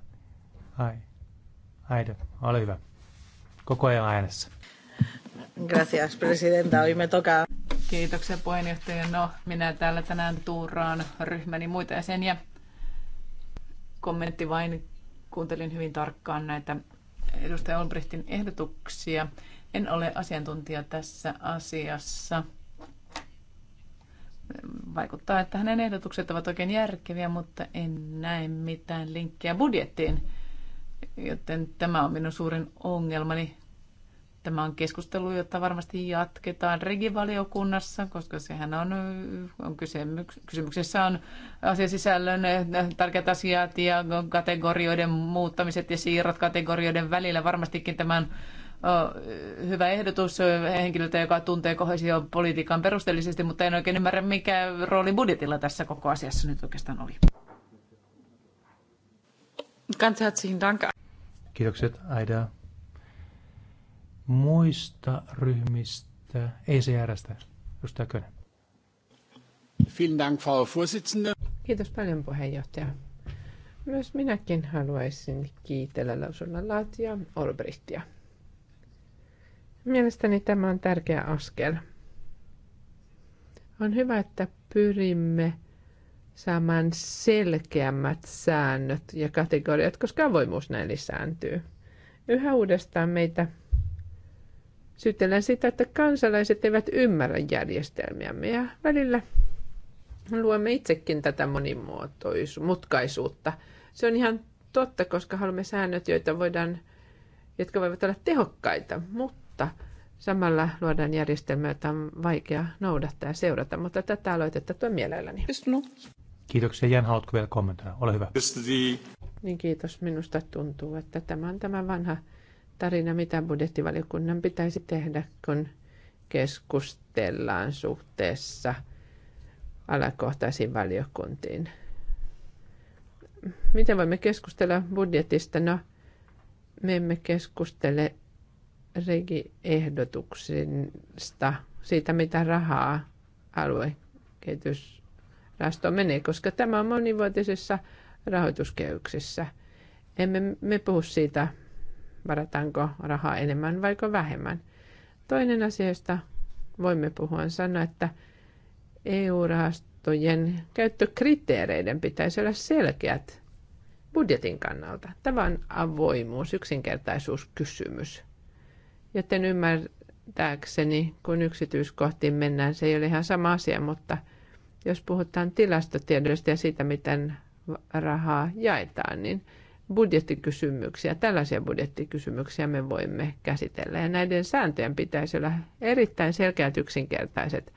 Ai, Aida, ole hyvä. Koko ajan äänessä. Gracias, presidenta. Hoy me toca. Kiitoksia puheenjohtaja. No, minä täällä tänään tuuraan ryhmäni muita jäseniä. Kommentti vain. Kuuntelin hyvin tarkkaan näitä edustaja Olbrichtin ehdotuksia. En ole asiantuntija tässä asiassa Vaikuttaa, että hänen ehdotukset ovat oikein järkeviä, mutta en näe mitään linkkiä budjettiin. Joten tämä on minun suurin ongelmani. Tämä on keskustelu, jota varmasti jatketaan regivaliokunnassa, koska sehän on, on kysymyks, kysymyksessä on asiasisällön tärkeät asiat ja kategorioiden muuttamiset ja siirrot kategorioiden välillä. Varmastikin tämän hyvä ehdotus henkilöltä, joka tuntee kohesion politiikan perusteellisesti, mutta en oikein ymmärrä, mikä rooli budjetilla tässä koko asiassa nyt oikeastaan oli. Ganz herzlichen Dank. Kiitokset Aida. Muista ryhmistä, ECRstä, edustaja Könen. Vielen Dank, Frau Vorsitzende. Kiitos paljon puheenjohtaja. Myös minäkin haluaisin kiitellä lausunnon laatia Olbrichtia. Mielestäni tämä on tärkeä askel. On hyvä, että pyrimme saamaan selkeämmät säännöt ja kategoriat, koska avoimuus näin lisääntyy. Yhä uudestaan meitä syytellään sitä, että kansalaiset eivät ymmärrä järjestelmiämme ja välillä luomme itsekin tätä monimuotoisuutta. Se on ihan totta, koska haluamme säännöt, joita voidaan, jotka voivat olla tehokkaita, mutta mutta samalla luodaan järjestelmä, jota on vaikea noudattaa ja seurata, mutta tätä aloitetta tuon mielelläni. Kiitoksia. Jan, haluatko vielä kommentoida? Ole hyvä. Niin kiitos. Minusta tuntuu, että tämä on tämä vanha tarina, mitä budjettivaliokunnan pitäisi tehdä, kun keskustellaan suhteessa alakohtaisiin valiokuntiin. Miten voimme keskustella budjetista? No, me emme keskustele regiehdotuksista, siitä mitä rahaa aluekehitysrahasto menee, koska tämä on monivuotisessa rahoituskehyksessä. Emme me puhu siitä, varataanko rahaa enemmän vai vähemmän. Toinen asia, josta voimme puhua, on sanoa, että EU-rahastojen käyttökriteereiden pitäisi olla selkeät budjetin kannalta. Tämä on avoimuus, yksinkertaisuuskysymys. Joten ymmärtääkseni, kun yksityiskohtiin mennään, se ei ole ihan sama asia, mutta jos puhutaan tilastotiedoista ja siitä, miten rahaa jaetaan, niin budjettikysymyksiä, tällaisia budjettikysymyksiä me voimme käsitellä. Ja näiden sääntöjen pitäisi olla erittäin selkeät, yksinkertaiset,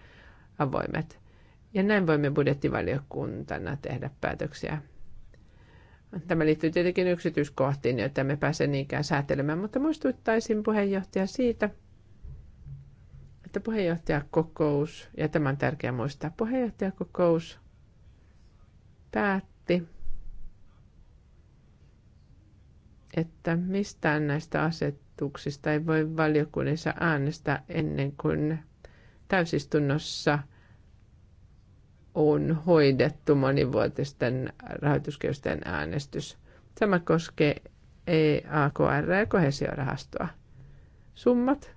avoimet. Ja näin voimme budjettivaliokuntana tehdä päätöksiä Tämä liittyy tietenkin yksityiskohtiin, joita me pääse niinkään säätelemään, mutta muistuttaisin puheenjohtaja siitä, että puheenjohtajakokous, ja tämä on tärkeää muistaa, puheenjohtajakokous päätti, että mistään näistä asetuksista ei voi valiokunnissa äänestää ennen kuin täysistunnossa – on hoidettu monivuotisten rahoituskehysten äänestys. Tämä koskee EAKR ja kohesiorahastoa. Summat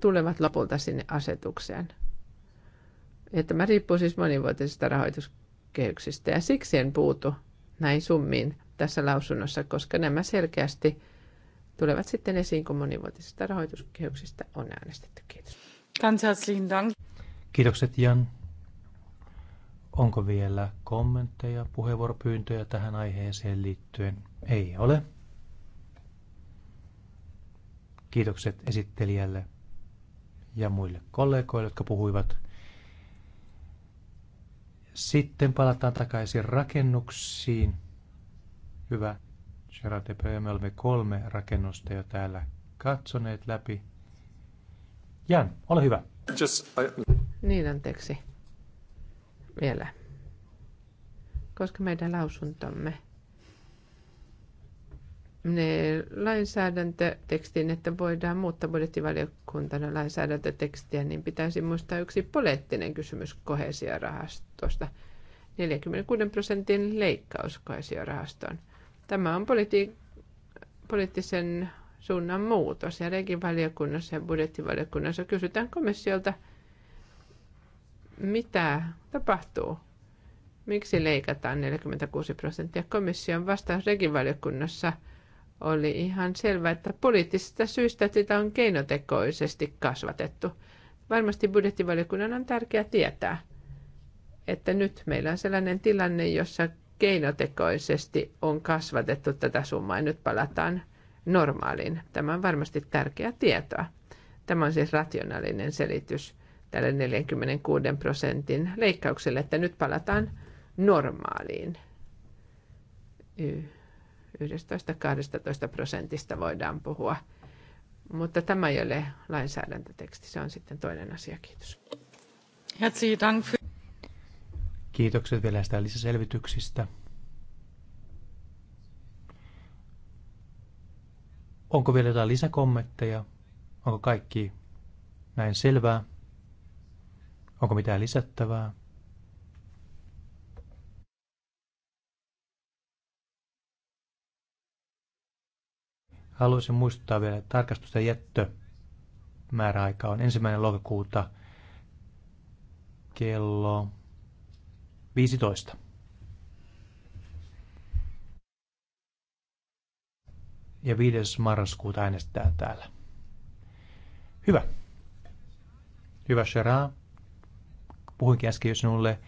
tulevat lopulta sinne asetukseen. Ja tämä riippuu siis monivuotisista rahoituskehyksistä ja siksi en puutu näin summiin tässä lausunnossa, koska nämä selkeästi tulevat sitten esiin, kun monivuotisista rahoituskehyksistä on äänestetty. Kiitos. Ganz herzlichen Dank. Kiitokset Jan. Onko vielä kommentteja, puheenvuoropyyntöjä tähän aiheeseen liittyen? Ei ole. Kiitokset esittelijälle ja muille kollegoille, jotka puhuivat. Sitten palataan takaisin rakennuksiin. Hyvä. Gerard me olemme kolme rakennusta jo täällä katsoneet läpi. Jan, ole hyvä. Just, I... Niin, anteeksi vielä, koska meidän lausuntomme ne lainsäädäntötekstiin, että voidaan muuttaa budjettivaliokuntana lainsäädäntötekstiä, niin pitäisi muistaa yksi poliittinen kysymys kohesiorahastosta. 46 prosentin leikkaus kohesiorahastoon. Tämä on politi- poliittisen suunnan muutos. Ja valiokunnassa ja budjettivaliokunnassa kysytään komissiolta – mitä tapahtuu? Miksi leikataan 46 prosenttia? Komission vastaus regivaliokunnassa oli ihan selvä, että poliittisista syistä sitä on keinotekoisesti kasvatettu. Varmasti budjettivaliokunnan on tärkeää tietää, että nyt meillä on sellainen tilanne, jossa keinotekoisesti on kasvatettu tätä summaa ja nyt palataan normaaliin. Tämä on varmasti tärkeää tietoa. Tämä on siis rationaalinen selitys tälle 46 prosentin leikkaukselle, että nyt palataan normaaliin. 11-12 prosentista voidaan puhua. Mutta tämä ei ole lainsäädäntöteksti, se on sitten toinen asia. Kiitos. Kiitokset vielä sitä lisäselvityksistä. Onko vielä jotain lisäkommentteja? Onko kaikki näin selvää? Onko mitään lisättävää? Haluaisin muistuttaa vielä, että tarkastusten jättö määräaika on ensimmäinen lokakuuta kello 15. Ja 5. marraskuuta äänestetään täällä. Hyvä. Hyvä Sheraa puhuinkin äsken jo sinulle,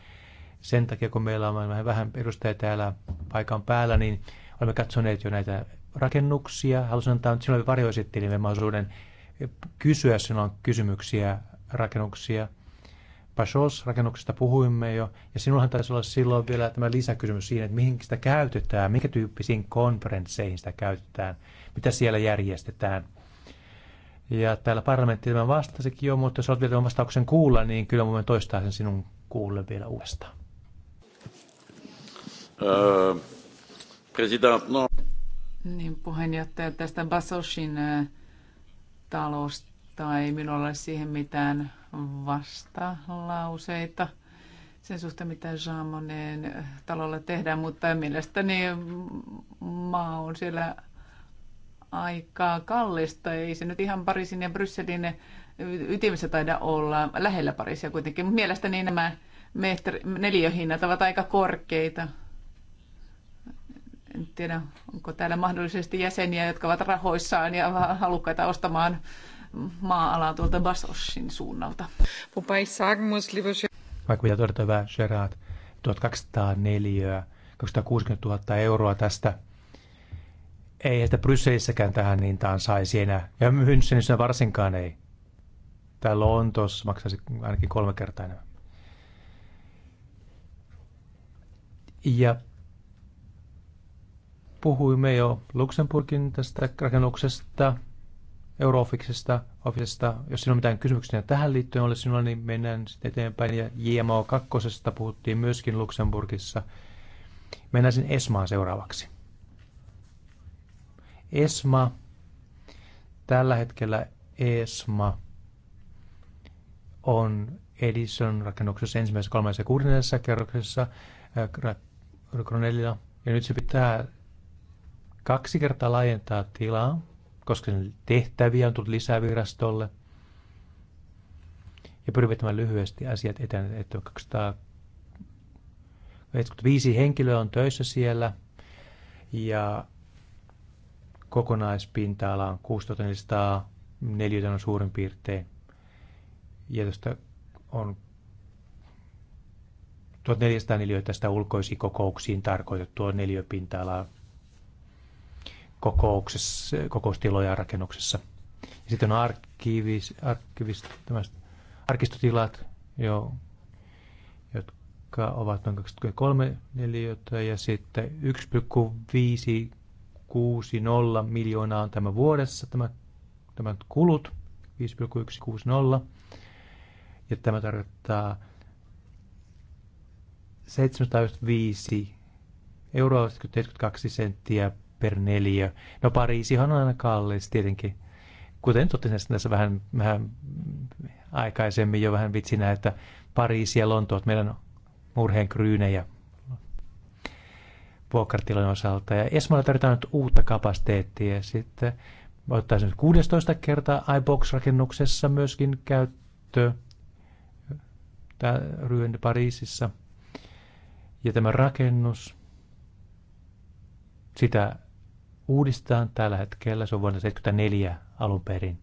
sen takia kun meillä on vähän, vähän edustajia täällä paikan päällä, niin olemme katsoneet jo näitä rakennuksia. Haluaisin antaa nyt sinulle varjoesittelijälle mahdollisuuden kysyä, sinulla on kysymyksiä rakennuksia. Pashos-rakennuksesta puhuimme jo, ja sinullahan taisi olla silloin vielä tämä lisäkysymys siinä, että mihin sitä käytetään, minkä tyyppisiin konferensseihin sitä käytetään, mitä siellä järjestetään – ja täällä parlamentti tämän vastasikin jo, mutta jos olet vielä tämän vastauksen kuulla, niin kyllä voimme toistaa sen sinun kuulle vielä uudestaan. Öö, president, no. Niin, puheenjohtaja, tästä Basoshin äh, talosta ei minulla ole siihen mitään vastalauseita sen suhteen, mitä Jean Monnet äh, talolla tehdään, mutta mielestäni mm, maa on siellä aika kallista. Ei se nyt ihan Pariisin ja Brysselin ytimessä taida olla, lähellä Pariisia kuitenkin. Mielestäni nämä metri, neliöhinnat ovat aika korkeita. En tiedä, onko täällä mahdollisesti jäseniä, jotka ovat rahoissaan ja halukkaita ostamaan maa-alaa tuolta Basoshin suunnalta. Vaikka pitää todeta hyvä Gerard, 1204, 260 000 euroa tästä ei sitä Brysselissäkään tähän hintaan saisi enää. Ja Münchenissä varsinkaan ei. Tai Lontos maksaisi ainakin kolme kertaa enemmän. Ja puhuimme jo Luxemburgin tästä rakennuksesta, Eurofiksesta, Officesta. Jos sinulla on mitään kysymyksiä tähän liittyen ole sinulla, niin mennään sitten eteenpäin. Ja JMO 2. puhuttiin myöskin Luxemburgissa. Mennään sen Esmaan seuraavaksi. ESMA, tällä hetkellä ESMA on Edison rakennuksessa ensimmäisessä, kolmannessa ja kuudennessa kerroksessa Kronelilla. Äh, ja nyt se pitää kaksi kertaa laajentaa tilaa, koska sen tehtäviä on tullut lisää virastolle. Ja pyrimme tämän lyhyesti asiat eteen, että 275 henkilöä on töissä siellä. Ja kokonaispinta-ala on 6400 neliötä on suurin piirtein. Ja tuosta on 1400 neliötä tästä ulkoisiin kokouksiin tarkoitettua neliöpinta-alaa kokouksessa, kokoustiloja rakennuksessa. Ja sitten on arkivis arkiivis, arkistotilat, jo, jotka ovat noin 23 neliötä ja sitten 1,5 5,60 miljoonaa on tämä vuodessa, tämä, tämä kulut, 5,160. Ja tämä tarkoittaa 705 euroa 72 senttiä per neliö. No Pariisihan on aina kallis tietenkin. Kuten totesin tässä vähän, vähän aikaisemmin jo vähän vitsinä, että Pariisi ja Lontoot meidän murheen kryynejä vuokratilojen osalta. Ja Esmalla tarvitaan nyt uutta kapasiteettia. Sitten ottaisin nyt 16 kertaa iBox-rakennuksessa myöskin käyttö tämä Ryen Pariisissa. Ja tämä rakennus, sitä uudistetaan tällä hetkellä, se on vuonna 1974 alun perin.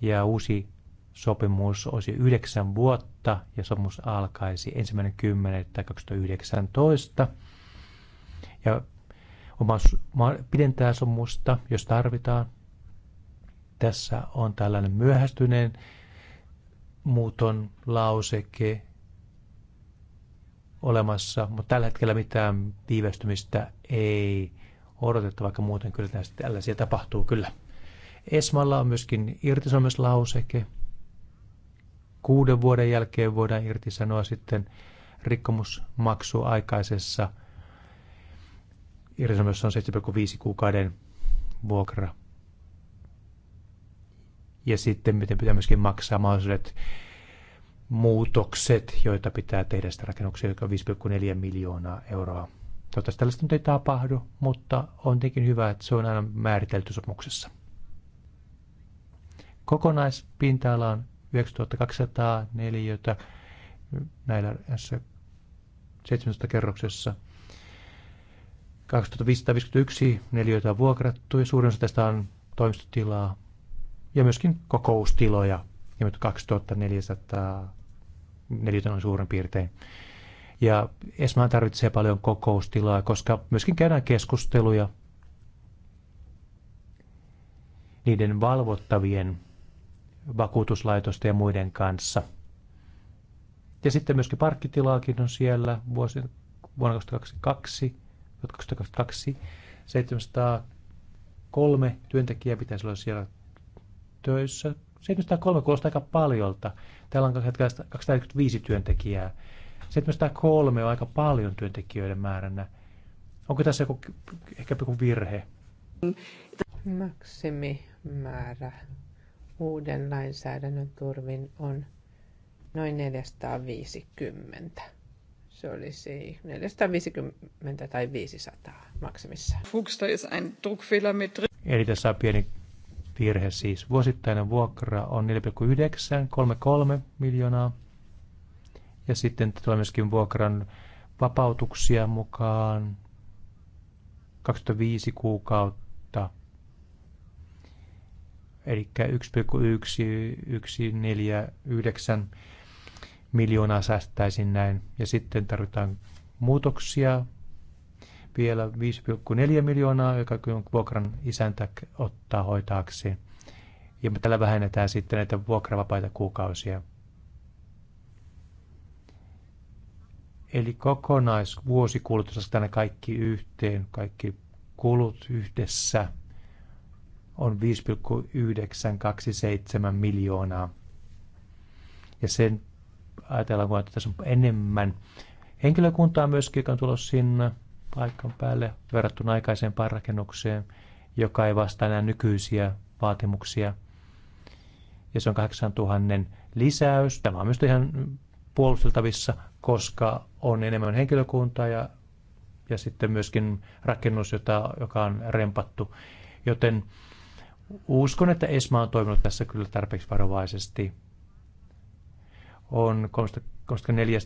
Ja uusi sopimus olisi yhdeksän vuotta ja sopimus alkaisi ensimmäinen 2019 ja pidentää sumusta, jos tarvitaan. Tässä on tällainen myöhästyneen muuton lauseke olemassa, mutta tällä hetkellä mitään viivästymistä ei odoteta, vaikka muuten kyllä tällaisia tapahtuu kyllä. Esmalla on myöskin irtisanomislauseke. Kuuden vuoden jälkeen voidaan irtisanoa sitten rikkomusmaksu aikaisessa irtisanomisessa on 7,5 kuukauden vuokra. Ja sitten miten pitää myöskin maksaa mahdolliset muutokset, joita pitää tehdä sitä rakennuksia, joka on 5,4 miljoonaa euroa. Toivottavasti tällaista nyt ei tapahdu, mutta on tietenkin hyvä, että se on aina määritelty sopimuksessa. Kokonaispinta-ala on neliötä näillä 17 kerroksessa 2551 neliöitä vuokrattu ja suurin osa tästä on toimistotilaa ja myöskin kokoustiloja, ja 2400 neliöitä on suurin piirtein. Ja Esmaan tarvitsee paljon kokoustilaa, koska myöskin käydään keskusteluja niiden valvottavien vakuutuslaitosten ja muiden kanssa. Ja sitten myöskin parkkitilaakin on siellä vuosi, vuonna 2022 2022 703 työntekijää pitäisi olla siellä töissä. 703 kuulostaa aika paljolta. Täällä on 245 työntekijää. 703 on aika paljon työntekijöiden määränä. Onko tässä joku, ehkä joku virhe? Maksimimäärä uuden lainsäädännön turvin on noin 450 se olisi siis 450 tai 500 maksimissa. Fugsta ist ein Druckfehler mit drin. Eli tässä on pieni virhe siis. Vuosittainen vuokra on 4,933 miljoonaa. Ja sitten tulee myöskin vuokran vapautuksia mukaan 25 kuukautta. Eli 1,1149 miljoonaa säästäisin näin. Ja sitten tarvitaan muutoksia, vielä 5,4 miljoonaa, joka vuokran isäntä ottaa hoitaakseen. Ja me tällä vähennetään sitten näitä vuokravapaita kuukausia. Eli kokonaisvuosikulutus, jos tänne kaikki yhteen, kaikki kulut yhdessä, on 5,927 miljoonaa. Ja sen ajatellaan, että tässä on enemmän henkilökuntaa myöskin, joka on tullut sinne paikan päälle verrattuna aikaisempaan rakennukseen, joka ei vastaa enää nykyisiä vaatimuksia. Ja se on 8000 lisäys. Tämä on myös ihan puolusteltavissa, koska on enemmän henkilökuntaa ja, ja sitten myöskin rakennus, jota, joka on rempattu. Joten uskon, että ESMA on toiminut tässä kyllä tarpeeksi varovaisesti on 34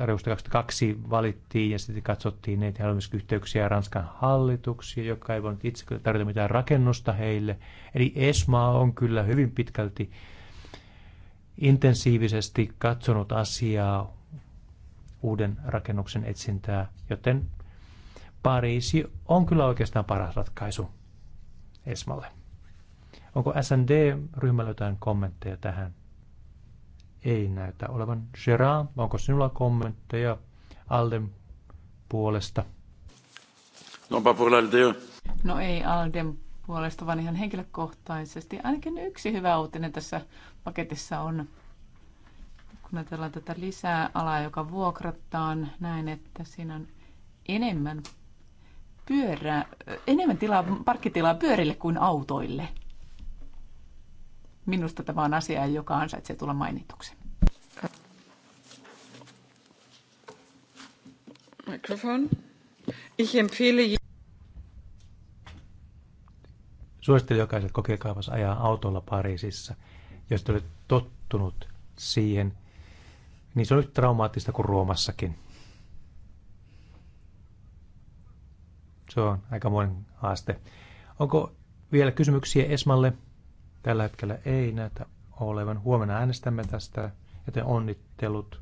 arvosta 22 valittiin ja sitten katsottiin, että heillä on myös yhteyksiä Ranskan hallituksia, joka ei voinut itse tarjota mitään rakennusta heille. Eli ESMA on kyllä hyvin pitkälti intensiivisesti katsonut asiaa uuden rakennuksen etsintää, joten Pariisi on kyllä oikeastaan paras ratkaisu Esmalle. Onko SND-ryhmällä jotain kommentteja tähän? ei näytä olevan. Gerard, onko sinulla kommentteja Alden puolesta? No, no ei Alden puolesta, vaan ihan henkilökohtaisesti. Ainakin yksi hyvä uutinen tässä paketissa on, kun ajatellaan tätä lisää alaa, joka vuokrataan näin, että siinä on enemmän pyörää, enemmän tilaa, parkkitilaa pyörille kuin autoille. Minusta tämä on asia, joka ansaitsee tulla mainituksi. Mikrofon. Ich empfehle... Suosittelen jokaiset kokeilkaavassa ajaa autolla Pariisissa. Jos te olet tottunut siihen, niin se on yhtä traumaattista kuin Ruomassakin. Se on monen haaste. Onko vielä kysymyksiä Esmalle? Tällä hetkellä ei näytä olevan. Huomenna äänestämme tästä, joten onnittelut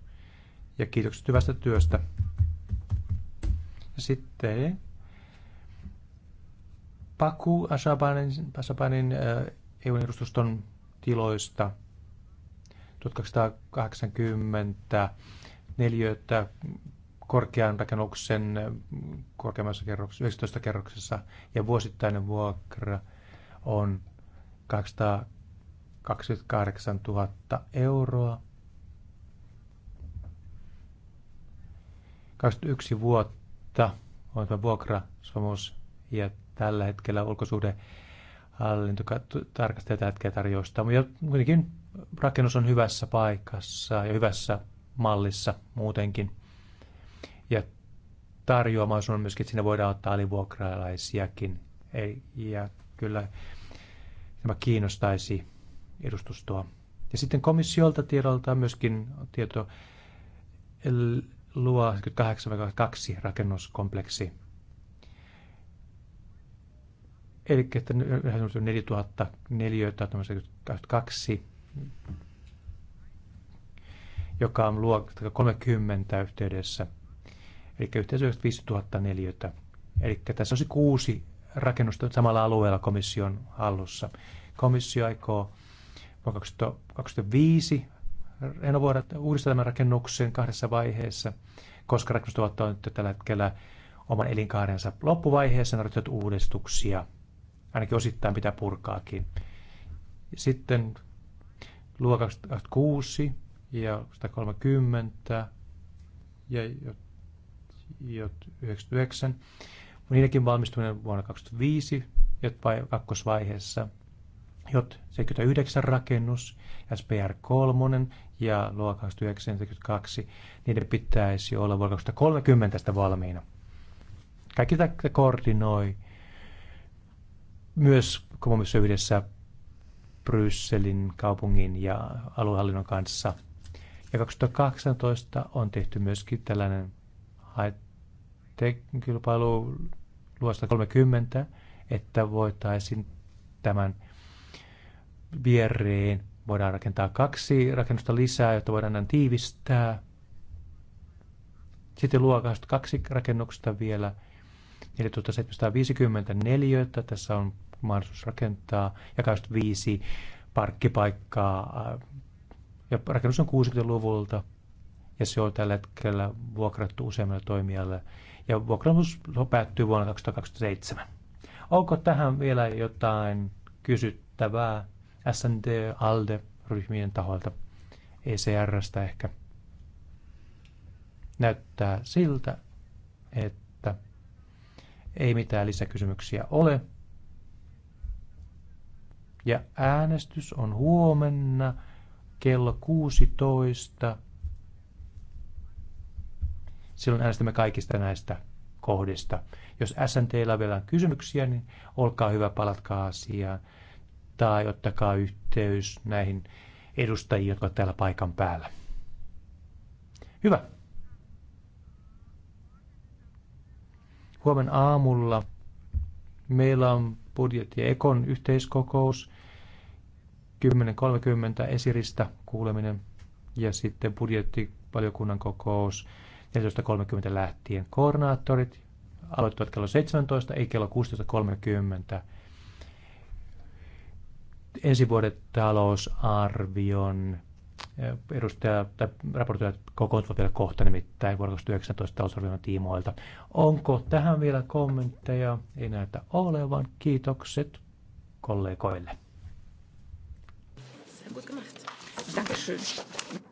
ja kiitokset hyvästä työstä. Ja sitten Paku Asabanin äh, EU-edustuston tiloista 1280 neliötä korkean rakennuksen korkeammassa kerroksessa, 19 kerroksessa ja vuosittainen vuokra on 228 000 euroa. 21 vuotta on tämä vuokrasomus ja tällä hetkellä ulkosuhde hallinto tarkastaa tätä hetkeä tarjousta. Mutta kuitenkin rakennus on hyvässä paikassa ja hyvässä mallissa muutenkin. Ja tarjoamaan on myöskin, että siinä voidaan ottaa alivuokralaisiakin. Ei, ja kyllä tämä kiinnostaisi edustustoa. Ja sitten komissiolta tiedolta myöskin tieto luo 88-2 rakennuskompleksi. Eli että 4000 neliötä, 22, joka on luo 30 yhteydessä. Eli yhteensä 5000 neliötä. Eli tässä olisi kuusi rakennusta samalla alueella komission hallussa. Komissio aikoo vuonna 2025 renovoida uudistaa rakennuksen kahdessa vaiheessa, koska rakennukset on nyt tällä hetkellä oman elinkaarensa loppuvaiheessa tarvitsevat uudistuksia. Ainakin osittain pitää purkaakin. Sitten luo 26 ja 130 ja 99 niidenkin valmistuminen vuonna 2005 jot kakkosvaiheessa. JOT 79 rakennus, SPR 3 ja luokka 2972, niiden pitäisi olla vuonna 2030 tästä valmiina. Kaikki tätä koordinoi myös komissio yhdessä Brysselin kaupungin ja aluehallinnon kanssa. Ja 2018 on tehty myöskin tällainen haettekilpailu luosta 30, että voitaisiin tämän viereen, voidaan rakentaa kaksi rakennusta lisää, jotta voidaan näin tiivistää. Sitten luokasta kaksi rakennuksesta vielä 4754, tässä on mahdollisuus rakentaa, ja 25 parkkipaikkaa, äh, ja rakennus on 60-luvulta, ja se on tällä hetkellä vuokrattu useammalle toimijalle ja vuokramus päättyy vuonna 2027. Onko tähän vielä jotain kysyttävää SND, ALDE-ryhmien taholta, ECRstä ehkä? Näyttää siltä, että ei mitään lisäkysymyksiä ole. Ja äänestys on huomenna kello 16 silloin äänestämme kaikista näistä kohdista. Jos SNTllä vielä on kysymyksiä, niin olkaa hyvä, palatkaa asiaan tai ottakaa yhteys näihin edustajiin, jotka ovat täällä paikan päällä. Hyvä. Huomenna aamulla meillä on budjetti ja Ekon yhteiskokous. 10.30 esiristä kuuleminen ja sitten budjettivaliokunnan kokous 14.30 lähtien. Koordinaattorit aloittavat kello 17, ei kello 16.30. Ensi vuoden talousarvion eh, edustaja tai raportoijat kokoontuvat vielä kohta nimittäin vuonna 2019 talousarvion tiimoilta. Onko tähän vielä kommentteja? Ei näytä olevan. Kiitokset kollegoille. Sehr gut